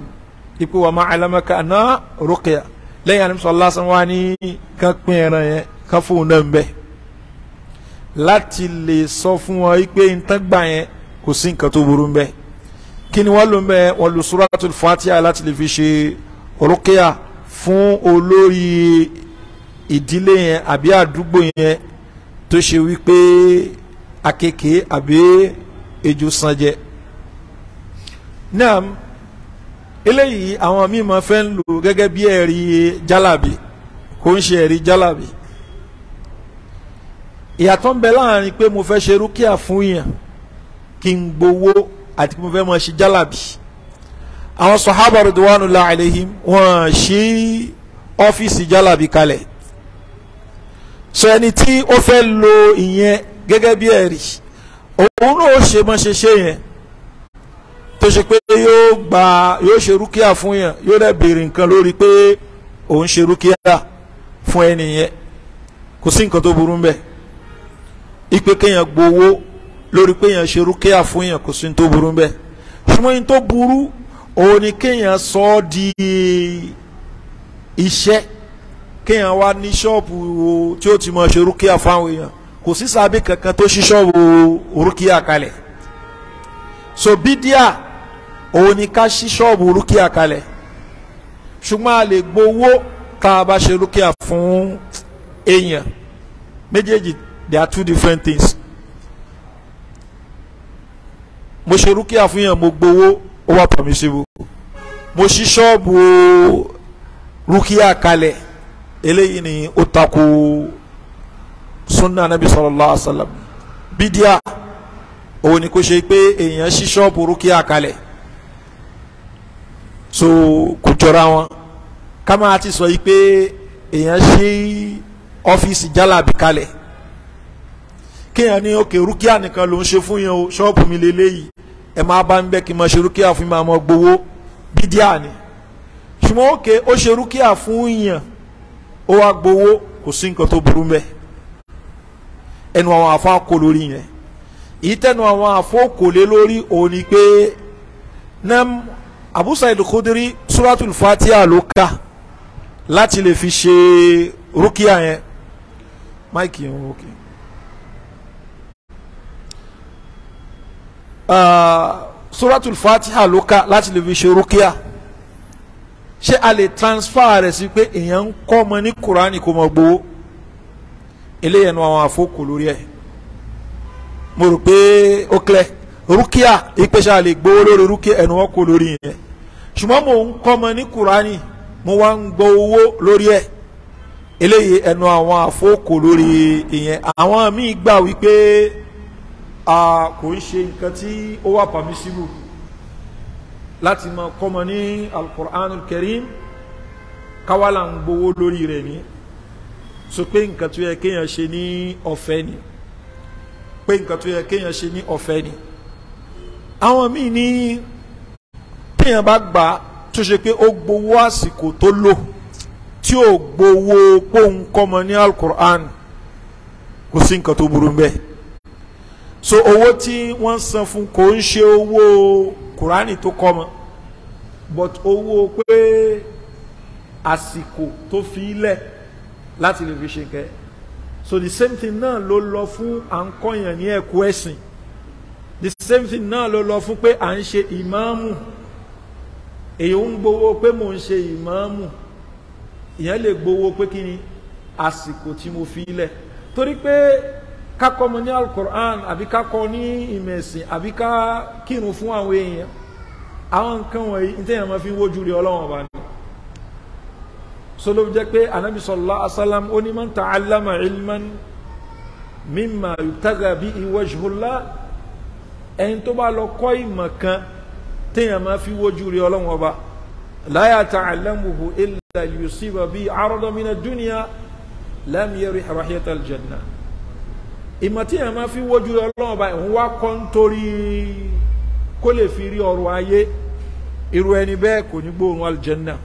ipò wa máa alamaka aná rúkìá lẹ́yìn anabi sallallahu alaihi wasallam wa ni kan pín ẹran yẹn kan fóun náà ń bẹ láti lè sọ fún wọn wípé nǹkan yẹn kò sí nǹkan tó burú bẹ kí ni wọ́n lò ń bẹ wọ́n lu suratul fatiha láti lè fi ṣe rúkìá fún olórí ìdílé yẹn àbí àdúgbò yẹn tó ṣe wípé. Akeke abe ejò sanjẹ náà eléyìí àwọn míì máa fẹ́ ń lò gẹ́gẹ́ bí ẹ̀rí jálàbí kò ń ṣe ẹ̀rí jálàbí ìyàtọ̀ ń bẹ láàrin pé mo fẹ́ ṣe rúkìá fún yàn kí n gbowó àti mo fẹ́ máa ṣe jálàbí àwọn sahaba ridwanullahi alaihim wọ́n ṣí ọ́fíìsì jálàbí kalẹ̀ so ẹni tí ó fẹ́ lo ìyẹn gẹ́gẹ́ bí ẹ̀rí òun náà ó ṣe mọ́ ṣe ṣe yẹn tó ṣe pé yóò gba yóò ṣe rúkìá fún yẹn yóò dẹ̀ béèrè nǹkan lórí pé òun ṣe rúkìá fún ẹni yẹn kò sí nǹkan tó burú mbẹ̀ ipe kéèyàn gbowó lórí pé èèyàn ṣe rúkìá fún yẹn kò sí nǹkan tó burú mbẹ̀ ṣùgbọ́n yìí tó burú òun ni kéèyàn sọ ọ́ di iṣẹ́ kéèyàn wá ní ṣọ́ọ̀bù tí ó ti mọ̀ ṣe rúkìá fáwọn èèyàn kò sí sábẹ́ kankan tó ṣiṣọ́ wo rúkìá kalẹ̀ so bídíà òun ni ká ṣí ṣọ́ọ̀bù rúkìá kalẹ̀ ṣùgbọ́n a lè gbowó tá a bá ṣe rúkìá fún èèyàn méjèèjì they are two different things mo ṣe rúkìá fún yàn mo gbowó ó wà permissible mo ṣí ṣọ́ọ̀bù rúkìá kalẹ̀ eléyìí ni ó takò sunna anabi sallallahu alaihi Sallam bidia òun ni kò ṣe pé èèyàn ṣí ṣọ́ọ̀bù rúkìá kalẹ̀ so kò jọra wọn ká máa ti sọ yìí pé èèyàn ṣí ọ́fíìsì jálàbí kalẹ̀ kéèyàn ní òkè rúkìá nìkan ló ń ṣe fún yẹn o ṣọ́ọ̀bù mi lélẹ́yìí ẹ máa bá ń bẹ́ kí n máa ṣe rúkìá fún mi máa mọ gbowó bídíà ni ṣùgbọ́n òkè ó ṣe rúkìá fún yẹn ó wá gbowó kò sí nǹkan tó burú mẹ́ẹ̀ ẹnu àwọn afọ akó lórí yẹn èyí tẹnu àwọn afọ kò lé lórí òun ni pé nam Abu Sa'id suratul Fatiha ló kà láti lè fi ṣe rúkìá yẹn máìkì yẹn ok. Uh, suratul Fatiha ló kà láti lè fi ṣe rúkìá ṣé a lè transfer rẹ̀ sí pé èèyàn ń kọ́ ọmọ ní Kùránì kò mọ̀ gbowó eléyẹnu àwọn àfọkù lórí ẹ mo rò pé ó clear rúkìá ìpèsè àlè gbowó lórí rúkìá ẹnu wọn lórí yẹn ṣùgbọ́n mò ń kọ́mọ ní kùránì mo wá ń gbọ́ owó lórí ẹ̀ eléyìí ẹnu àwọn àfọ́kò lórí ìyẹn àwọn míì gbà wípé kò ń ṣe nǹkan tí ó wà pàmísìlù láti máa kọ́mọ ní alukur'anul karim káwálà ń gbowó lórí rẹ̀ ní so pé nǹkan tó yẹ kéèyàn ṣe ní ọ̀fẹ́ ni pé nǹkan tó yẹ kéèyàn ṣe ní ọ̀fẹ́ ni àwọn míì ní téèyàn bá gbà tó ṣe pé ó gbowó àsìkò tó lò tí ò gbowó póun kọ́mọ ní alukur'an kò sí nǹkan tó burú bẹ́ẹ̀ so owó tí wọ́n san fún kò ń ṣe owó kùránì tó kọ́mọ but owó pé àsìkò tó fi lẹ̀ láti lè fi ṣe nǹkan so the same thing náà ló lọ fún à ń kọ́yàn ní ẹ̀kọ́ ẹ̀sìn the same thing náà ló lọ fún pé à ń ṣe ìmáàmù èyí ń gbowó pé mò ń ṣe ìmáàmù ìyẹn lè gbowó pé kí ni àsìkò tí mo fi lẹ̀ torí pé kákọ́ mo ní alukur'an àbí kákọ́ ní ìmẹ̀sìn àbí ká kírun fún àwọn èèyàn àwọn nǹkan wọ̀nyí ní tẹ́yàn máa fi ń wojú rí ọlọ́wọ́n bá ní sọlọ jẹ́ pé anabi sallallahu alaihi wasallam ó ní man ta'allama ilman mimma yubtaga bihi wajhullah ẹni tó bá lọ kọ́ ìmọ̀ kan téèyàn máa fi wojú rí ọlọ́run ọba la yata'allamuhu illa liyusiba bihi aradan mina dunya lam yarih rahiyatal janna ìmọ̀ tí èèyàn máa fi wojú ọlọ́run ọba ìhun wá kọ́ nítorí kó lè fi rí ọrọ̀ ayé irú ẹni bẹ́ẹ̀ kò ní gbóòórùn aljanna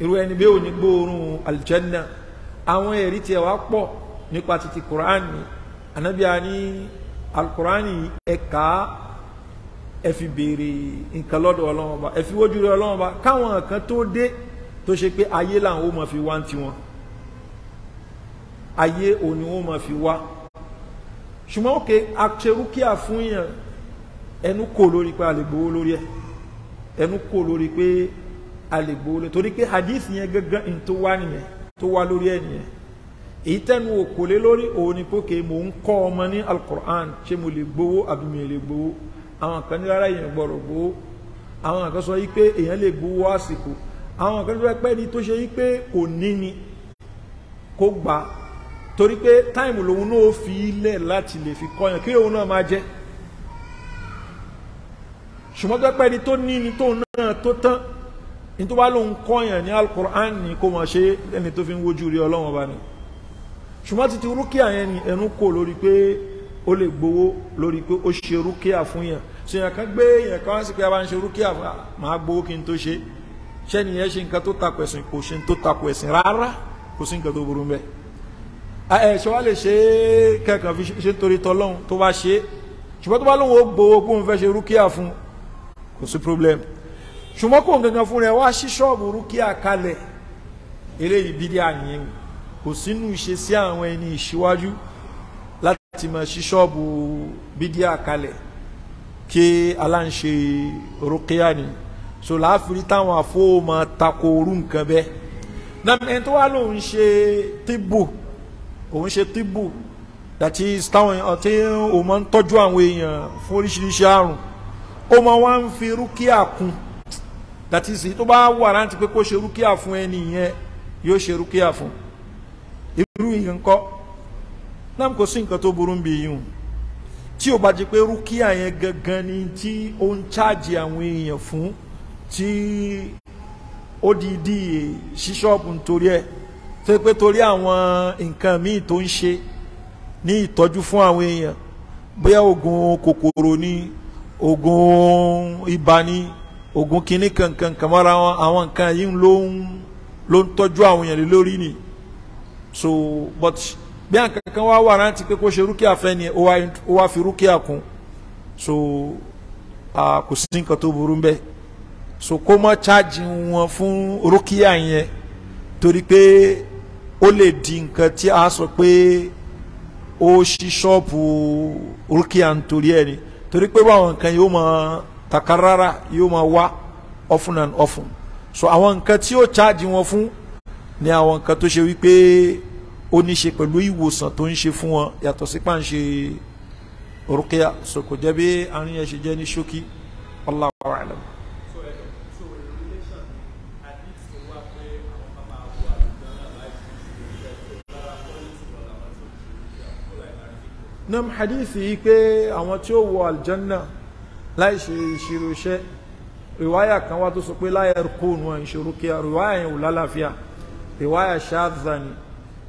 irú ẹni bí ò ní gbóòórùn aljanna àwọn ẹ̀rí tiẹ̀ wá pọ̀ nípa títí kùránì ànábì àní alukùránì ẹ̀ka ẹ fi béèrè nǹkan lọ́dọ̀ ọlọ́run ọba ẹ fi wójú rẹ ọlọ́run ọba káwọn kan tó dé tó ṣe pé ayé làwọn ó máa fi wá tiwọn ayé òní ó máa fi wá ṣùgbọ́n òkè àṣerúkíà fún yàn ẹnu kò lórí pé a gbowó lórí ẹ ẹnu kò lórí pé alègbòólẹ̀ torí pé hadith yẹn gangan in tó wá nìyẹn tó wá lórí ẹ̀ èyí tẹ́nu òkò lé lórí òun ni pé kí mò ń kọ́ ọmọ ní alukur'an ṣé mo lè gbowó àbí mi lè gbowó àwọn kan ní rárá èèyàn gbọ́dọ̀ gbowó àwọn kan sọ yí pé èèyàn lè gbowó àsìkò àwọn kan sọ pé ní tó ṣe yí pé kò ní ni kó gbà torí pé táìmù lòun náà fi ilẹ̀ láti lè fi kọ́yàn kí òun náà máa jẹ́ ṣùgbọ́n tó pẹ́ ni tó ní ni tóun náà tó tán nítorí wàá lóun kọ́yàn ní alukur'an ní kó máa ṣe ẹni tó fi ń wojú rí ọlọ́wọ́n bá ní ṣùgbọ́n títí rúkìá yẹn ni ẹnu kò lórí pé ó lè gbowó lórí pé ó ṣe rúkìá fún yàn ṣe yàn kan gbé yàn kan sí pé a bá ń ṣe rúkìá ah, máa gbowó kí n tó ṣe ṣẹ́ni yẹn ṣe nǹkan tó takò ẹ̀sìn kò ṣe tó takò ẹ̀sìn rárá kò sí nǹkan tó burú mbẹ́ ẹ ṣe wá lè ṣe kẹkàn fi ṣe nítorí tọlọ́hún tó bá ṣe ṣùgbọ́n tó bá lóun ó gbowó pé òun problem ṣùgbọ́n kò gangan fún rẹ wá sí ṣọ́ọ̀bù rúkìá kalẹ̀ eléyìí bídí àyìn kò sínú ìṣesí àwọn ẹni ìṣíwájú láti máa sí ṣọ́ọ̀bù bídí àkalẹ̀ kí aláǹṣe rúkìá ni so láàfin táwọn àfọwọ́mọ tako orú nǹkan bẹ́ẹ̀ náà ẹni tó wá lòun ṣe tíbù òun ṣe tíbù that is táwọn ọtí òun máa ń tọ́jú àwọn èèyàn fún oríṣiríṣi àrùn ó máa wá ń fi rúkìá kún that is tó bá warranty pé kó ṣe rúkìá fún ẹni yẹn yóò ṣe rúkìá fún irú yìí ńkọ́ náà kò sí nǹkan tó burú ń bi yìí tí o bá jẹ́ pé rúkìá yẹn gangan ni tí ó ń ṣáàjì àwọn èèyàn fún tí ó di di ṣíṣọ́ọ̀bù nítorí ẹ̀ tó pé torí àwọn nǹkan míì tó ń ṣe ní ìtọ́jú fún àwọn èèyàn bóyá oògùn kòkòrò ni oògùn ibà ogun kínní kankan kàmọ́ra àwọn nǹkan yìí ló ń ló ń tọ́jú àwọn ni so but bí àwọn wa wá wà rántí pé kó ṣe rúkìá fẹ́ ni ó wá fi rúkìá kún so kò sí nǹkan tó burú bẹ́ẹ̀ so kó má ṣáàjì wọn fún rúkìá yẹn torí pé ó lè di nǹkan tí a sọ pé ó ṣí ṣọ́ọ̀bù rúkìá nítorí ẹ̀ ni torí pé báwọn nǹkan yìí ó máa takarara yóò máa often and often so àwọn nǹkan tí ó chaajì wọn fún ni àwọn nǹkan tó ṣe wípé ó ní ṣe pẹ̀lú ìwòsàn tó ń ṣe fún wọn yàtọ̀ sí pàǹṣe orúkẹ́yà so kò jẹ́ bí àárín ẹ̀ ṣe jẹ́ ní ṣókí Allahu a'lam. Eh, nam hadithi yìí pé àwọn tí ó wọ aljanna láì ṣe ìṣirò iṣẹ́ rìwáyà kan wá tó sọ pé láyà kó nu ìṣòro kí a rìwáyà yẹn ò lálàáfíà rìwáyà ṣáàzà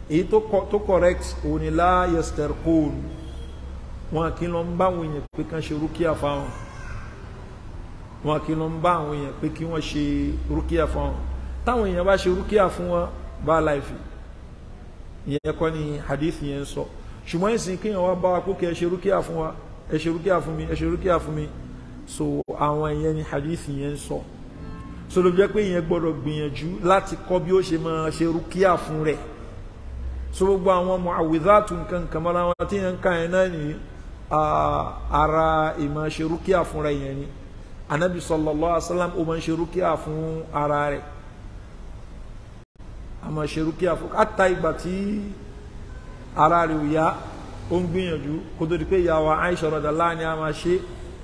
èyí tó correct òun ni láyà stercon wọn kì í lọ ń bá àwọn èèyàn pé kán ṣe rúkìá fáwọn wọn kì í lọ ń bá àwọn èèyàn pé kí wọ́n ṣe rúkìá fáwọn táwọn èèyàn bá ṣe rúkìá fún wọn bá láìfi ìyẹn kọ́ ni hadith yẹn sọ ṣùgbọ́n ìsìn kéèyàn wá bá wa kó kí ẹ ṣe rúkìá fún wa ẹ ṣe rúkìá fún mi ẹ ṣe rúkìá fún mi so àwọn ìyẹn ni hadith yẹn sọ so ló jẹ́ pé ìyẹn gbọ́dọ̀ gbìyànjú láti kọ́ bí ó ṣe máa ṣe rúkíà fún rẹ̀ so gbogbo àwọn mu'awwidhatu nǹkan kan mọ́ra wọn tí yẹn ń ka yẹn náà ní ara ìmọ̀ ṣe rúkíà fún rẹ̀ yẹn ni anabi sallallahu alaihi wasallam ó máa ń ṣe rúkíà fún ara rẹ̀ a máa ṣe rúkíà fún ata ìgbà tí ara rẹ̀ ò yá ó ń gbìyànjú kó tó di pé ìyá wa Aisha radallahu a máa ṣe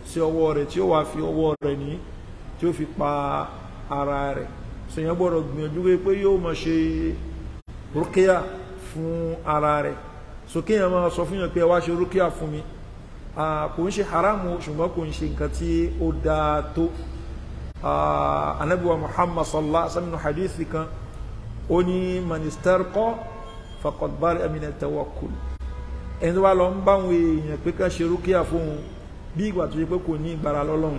sí ọwọ́ rẹ̀ tí ó wá fi ọwọ́ rẹ̀ ní tí ó fi pa ara rẹ̀ sèyàn gbọ́dọ̀ gbìyànjú pé yóò máa ṣe rúkíà fún ara rẹ̀ sókè yẹn máa sọ fún yàn pé ẹ wá ṣe rúkíà fún mi kò ń ṣe haramu ṣùgbọ́n kò ń ṣe nǹkan tí ó dáa tó anabiwa muhammad sallallahu alaihi hadithi kan ó ní manistarqa faqad bari amina tawakkul ẹni tó bá lọ ń báwọn èèyàn pé ká ṣe rúkíà fún un bí ìgbà tó yẹ pé kò ní ìgbára lọ́lọ́run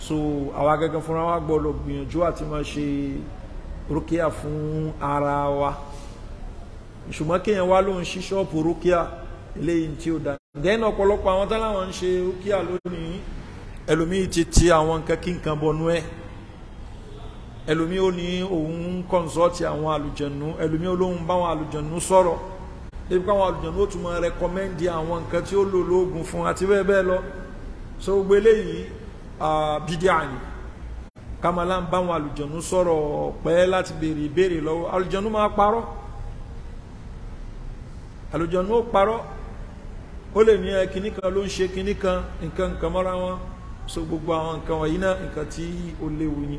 so àwa gẹ́gẹ́ fúnra wa gbọ́dọ̀ gbìyànjú àti máa ṣe rúkìá fún ara wa ṣùgbọ́n kéèyàn wá ló ṣí ṣọ́ọ̀pù rúkìá eléyìí tí ó dáa then ọ̀pọ̀lọpọ̀ àwọn tán láwọn ń ṣe rúkìá lónìí ẹlòmíì ti ti àwọn nǹkan kí nǹkan bọnú ẹ̀ ẹlòmíì ó ní òun ń kọ́ńsọ́ọ̀tì àwọn àlùjẹ̀nu ẹlòmíì ó báwọn àlùjẹ̀nu sọ̀rọ̀ débi káwọn àlùjọ̀nù ó tún máa rẹkọmẹ́ndì àwọn nǹkan tí ó lò lóògùn fún àti bẹ́ẹ̀ bẹ́ẹ̀ lọ so gbogbo eléyìí bídíà ni kamala ń bá àwọn àlùjọ̀nù sọ̀rọ̀ pẹ́ láti béèrè ìbéèrè lọ́wọ́ àlùjọ̀nù máa parọ́ àlùjọ̀nù ó parọ́ ó lè ní kan ló ń ṣe kinní kan nǹkan nǹkan mọ́ra wọn so gbogbo àwọn nǹkan wọ̀nyí náà nǹkan tí ó léwu ni.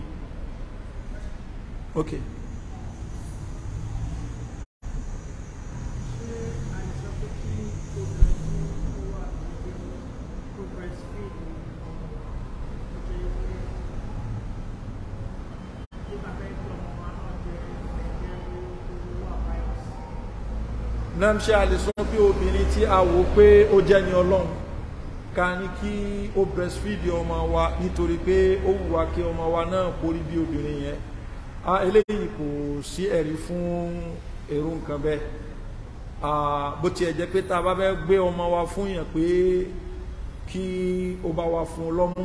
Okay. náà ṣe àlè sọ pé obìnrin tí a wò pé ó jẹ́ ni ọlọ́run ká ní kí ó breastfeed ọmọ wa nítorí pé ó wù wá kí ọmọ wa náà borí bí obìnrin yẹn eléyìí kò sí ẹ̀rí fún èrò nǹkan bẹ́ẹ̀ bó tiẹ̀ jẹ́ pé a bá fẹ́ gbé ọmọ wa fún yẹn pé kí ó bá wa fún lọ́mú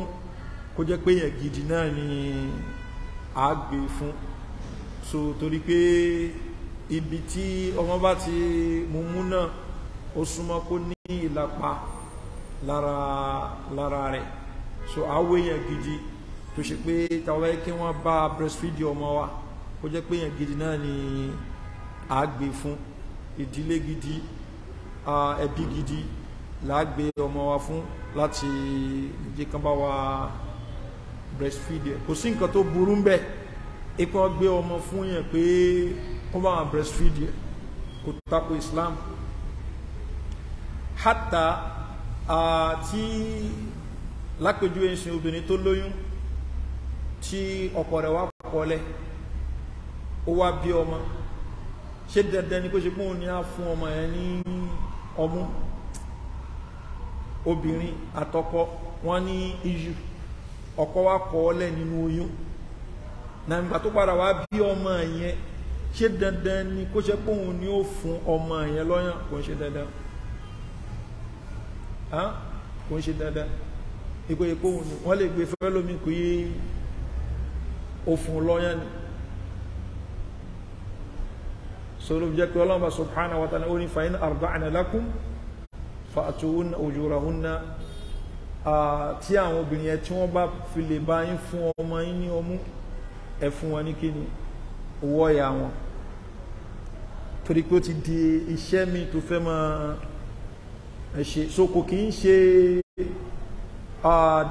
kó jẹ́ pé yẹn gidi náà ni a gbé fún so torí ibi tí ọmọ bá ti mumú náà ó súnmọ́ kó ní ìlapa lára lára rẹ̀ so àwọn èèyàn gidi tó ṣe pé tàwa kí wọ́n bá breastfeed ọmọ wa ó jẹ́ pé èèyàn gidi náà ni a gbé fún ìdílé gidi ẹbí gidi là á gbé ọmọ wa fún láti jẹ́ kán bá wa breastfeed kò sí nǹkan tó burú ń bẹ̀ ipò gbé ọmọ fún yẹn pé kó breastfeed yẹ kò tako islam hata tí lápèjúwe ń sin obìnrin tó lóyún tí ọkọ rẹ̀ wá kọlẹ̀ ó wá bí ọmọ ṣé dandan ni kó ṣe pé òun ni á fún ọmọ yẹn ní ọmú obìnrin àtọkọ wọn ní iṣu ọkọ wá kọlẹ̀ nínú oyún nàìjíríà tó padà wá bí ọmọ yẹn ṣé dandan ni kó ṣe pé òun ni ó fún ọmọ yẹn lọ́yàn kò ń ṣe dandan kò ń ṣe dandan ipò ipò òun ni wọ́n lè gbé fẹ́ lómi kò yí ó fún lọ́yàn ni sọ́rọ̀ jẹ́ pé ọlọ́mà subhanahu wa ó ní fa in arda'na lakum fa'atuhunna ujurahunna tí àwọn obìnrin ẹ tí wọ́n bá fi lè bá yín fún ọmọ yín ní ọmú ẹ wọn ní kíni owó ọ̀yà wọn torí pé ó ti di iṣẹ́ mi tó fẹ́ mọ́ ẹ̀ṣẹ̀ so kò kí ń ṣe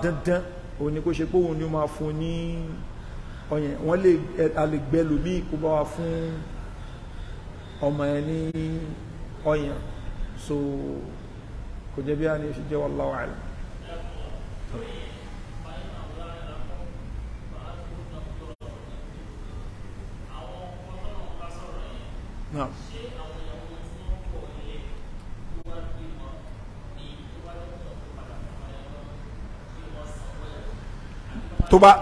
dandan òun kó ṣe pé òun ni ó máa fún ní ọyàn wọ́n lè alègbè lòmí kó bá wa fún ọmọ ẹ̀ ní ọyàn so kò jẹ́ bí a ní oṣù jẹ́ wallahu a'lam. náà. tó bá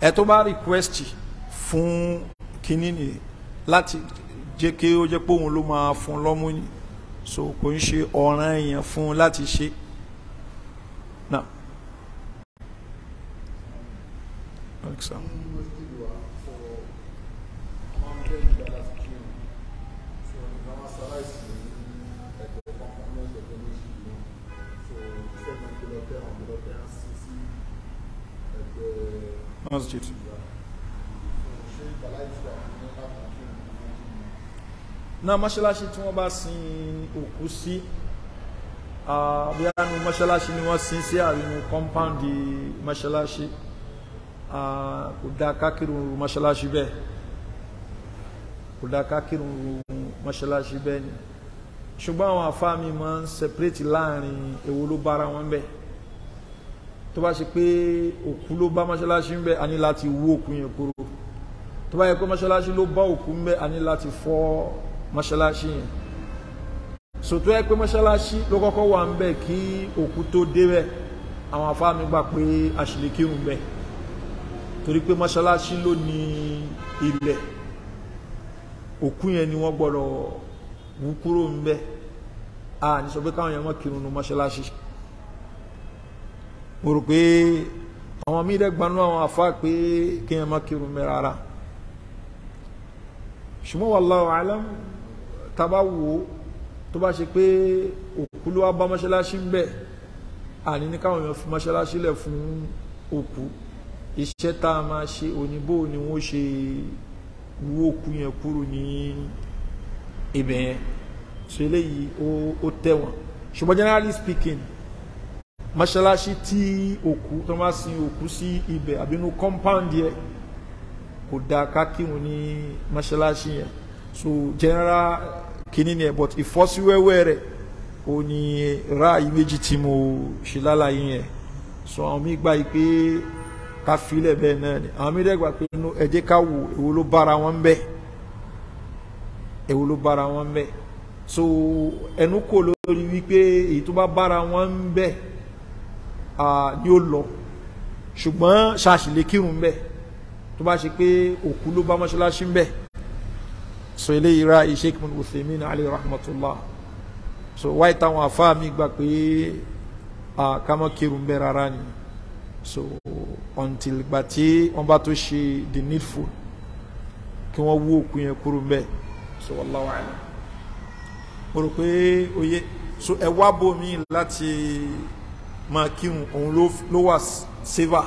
ẹ tó bá request fún kínní ni láti jẹ́ kí ó jẹ́ pé òun ló máa fún lọ́mú ni so kò ń ṣe ọ̀ràn èèyàn fún un láti ṣe náà. masjid náà mọ́ṣáláṣí tí wọ́n bá sin òkú sí bíyánu mọ́ṣáláṣí ni wọ́n sin sí àrínú kọ́mpáǹdì mọ́ṣáláṣí kò dá kákìrún mọ́ṣáláṣí bẹ́ẹ̀ kò dá kákìrún mọ́ṣáláṣí bẹ́ẹ̀ ni ṣùgbọ́n àwọn àfáà mi máa ń separate láàrin èwo ló bára wọn bẹ́ẹ̀ tó bá ṣe pé òkú ló bá mọ́ṣáláṣí ń bẹ a ní láti wú òkú yẹn kúrò tó bá yẹ pé mọ́ṣáláṣí ló bá òkú ń bẹ a ní láti fọ́ mọ́ṣáláṣí yẹn sòtó ẹ pé mọ́ṣáláṣí ló kọ́kọ́ wà ń bẹ kí òkú tó débẹ̀ àwọn afáàmì gbà pé àṣìlè kírun bẹ̀ torí pé mọ́ṣáláṣí ló ní ilẹ̀ òkú yẹn ni wọ́n gbọ́dọ̀ wú kúrò ń bẹ a ní sọ pé káwọn yẹn mọ́ kírun nu mọ́ṣáláṣí mo rò pé àwọn míì dẹ́ gbanú àwọn afá pé kéèyàn má kírun mẹ́ rárá ṣùgbọ́n wallahu alam tá a bá wò ó tó bá ṣe pé òkú ló wá bá mọ́ṣáláṣí ń bẹ̀ àní ní káwọn èèyàn fi mọ́ṣáláṣí lẹ̀ fún òkú iṣẹ́ tá a máa ṣe òníbó ni wọ́n ṣe wú òkú yẹn kúrò ní ibẹ̀ yẹn so eléyìí ó tẹ̀wọ̀n ṣùgbọ́n generally speaking mọ́ṣáláṣí tí òkú tó máa sin òkú sí ibẹ̀ àbínú compound yẹ kò dáa ká ní mọ́ṣáláṣí yẹn so general kìíní ni ẹ̀ but ìfọ́síwẹ́wẹ́ rẹ̀ ó ní ráàyè méjì tí mo ṣe lálàyé yẹn so àwọn mi gbà yìí pé ká filẹ̀ bẹ́ẹ̀ náà ni àwọn mi dẹ̀ pé ẹ jẹ́ ká wò èwo ló bára wọn bẹ́ẹ̀ èwo ló bára wọn bẹ́ẹ̀ so ẹnu kò lórí wípé èyí tó bá bára wọn bẹ́ẹ̀ ni ó lọ ṣùgbọ́n ṣàṣìlè kírun bẹ́ẹ̀ tó bá ṣe pé òkú ló bá mọ́ṣáláṣí ń bẹ̀ so eléyìí ra Sheikh Ibn Uthaymin alayhi rahmatullah so wáyé táwọn afáà mi gbà pé ká má kírun bẹ́ẹ̀ rárá ni so until gbà tí wọ́n bá tó ṣe the needful kí wọ́n wú òkú yẹn kúrò bẹ́ẹ̀ so wallahu a'lam mo rò pé oyè so ẹ wá bò láti. Ma kírun òun ló wà sèvà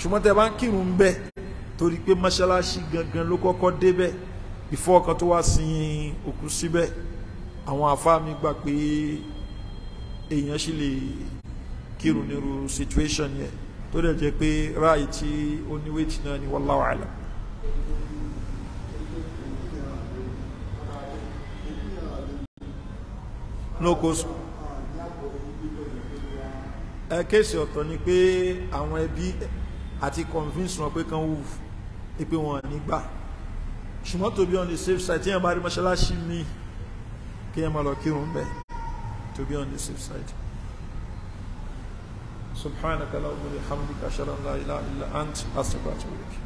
ṣùgbọ́n tẹ bá ń kírun bẹ́ẹ̀ torí pé mọ́ṣáláṣí gangan ló kọ́kọ́ débẹ̀ ìfọ́ọ̀kan tó wá sin òkú síbẹ̀ àwọn àfáà mi gbà pé èèyàn ṣì lè kírun nírú situation yẹn tó dẹ̀ jẹ́ pé ráàyè tí ó ní wéètì náà ni wallahu a'lam. no cause ẹ kéèsì ọ̀tọ̀ ni pé àwọn ẹbí àti convince wọn pé kan wù pé wọn ní gbà ṣùgbọ́n tó bí on the safe side tí yẹn bá rí mọ́ṣáláṣí mi kí yẹn máa lọ kírun bẹ́ẹ̀ to be on the safe side. سبحانك اللهم وبحمدك اشهد ان لا اله الا انت استغفرك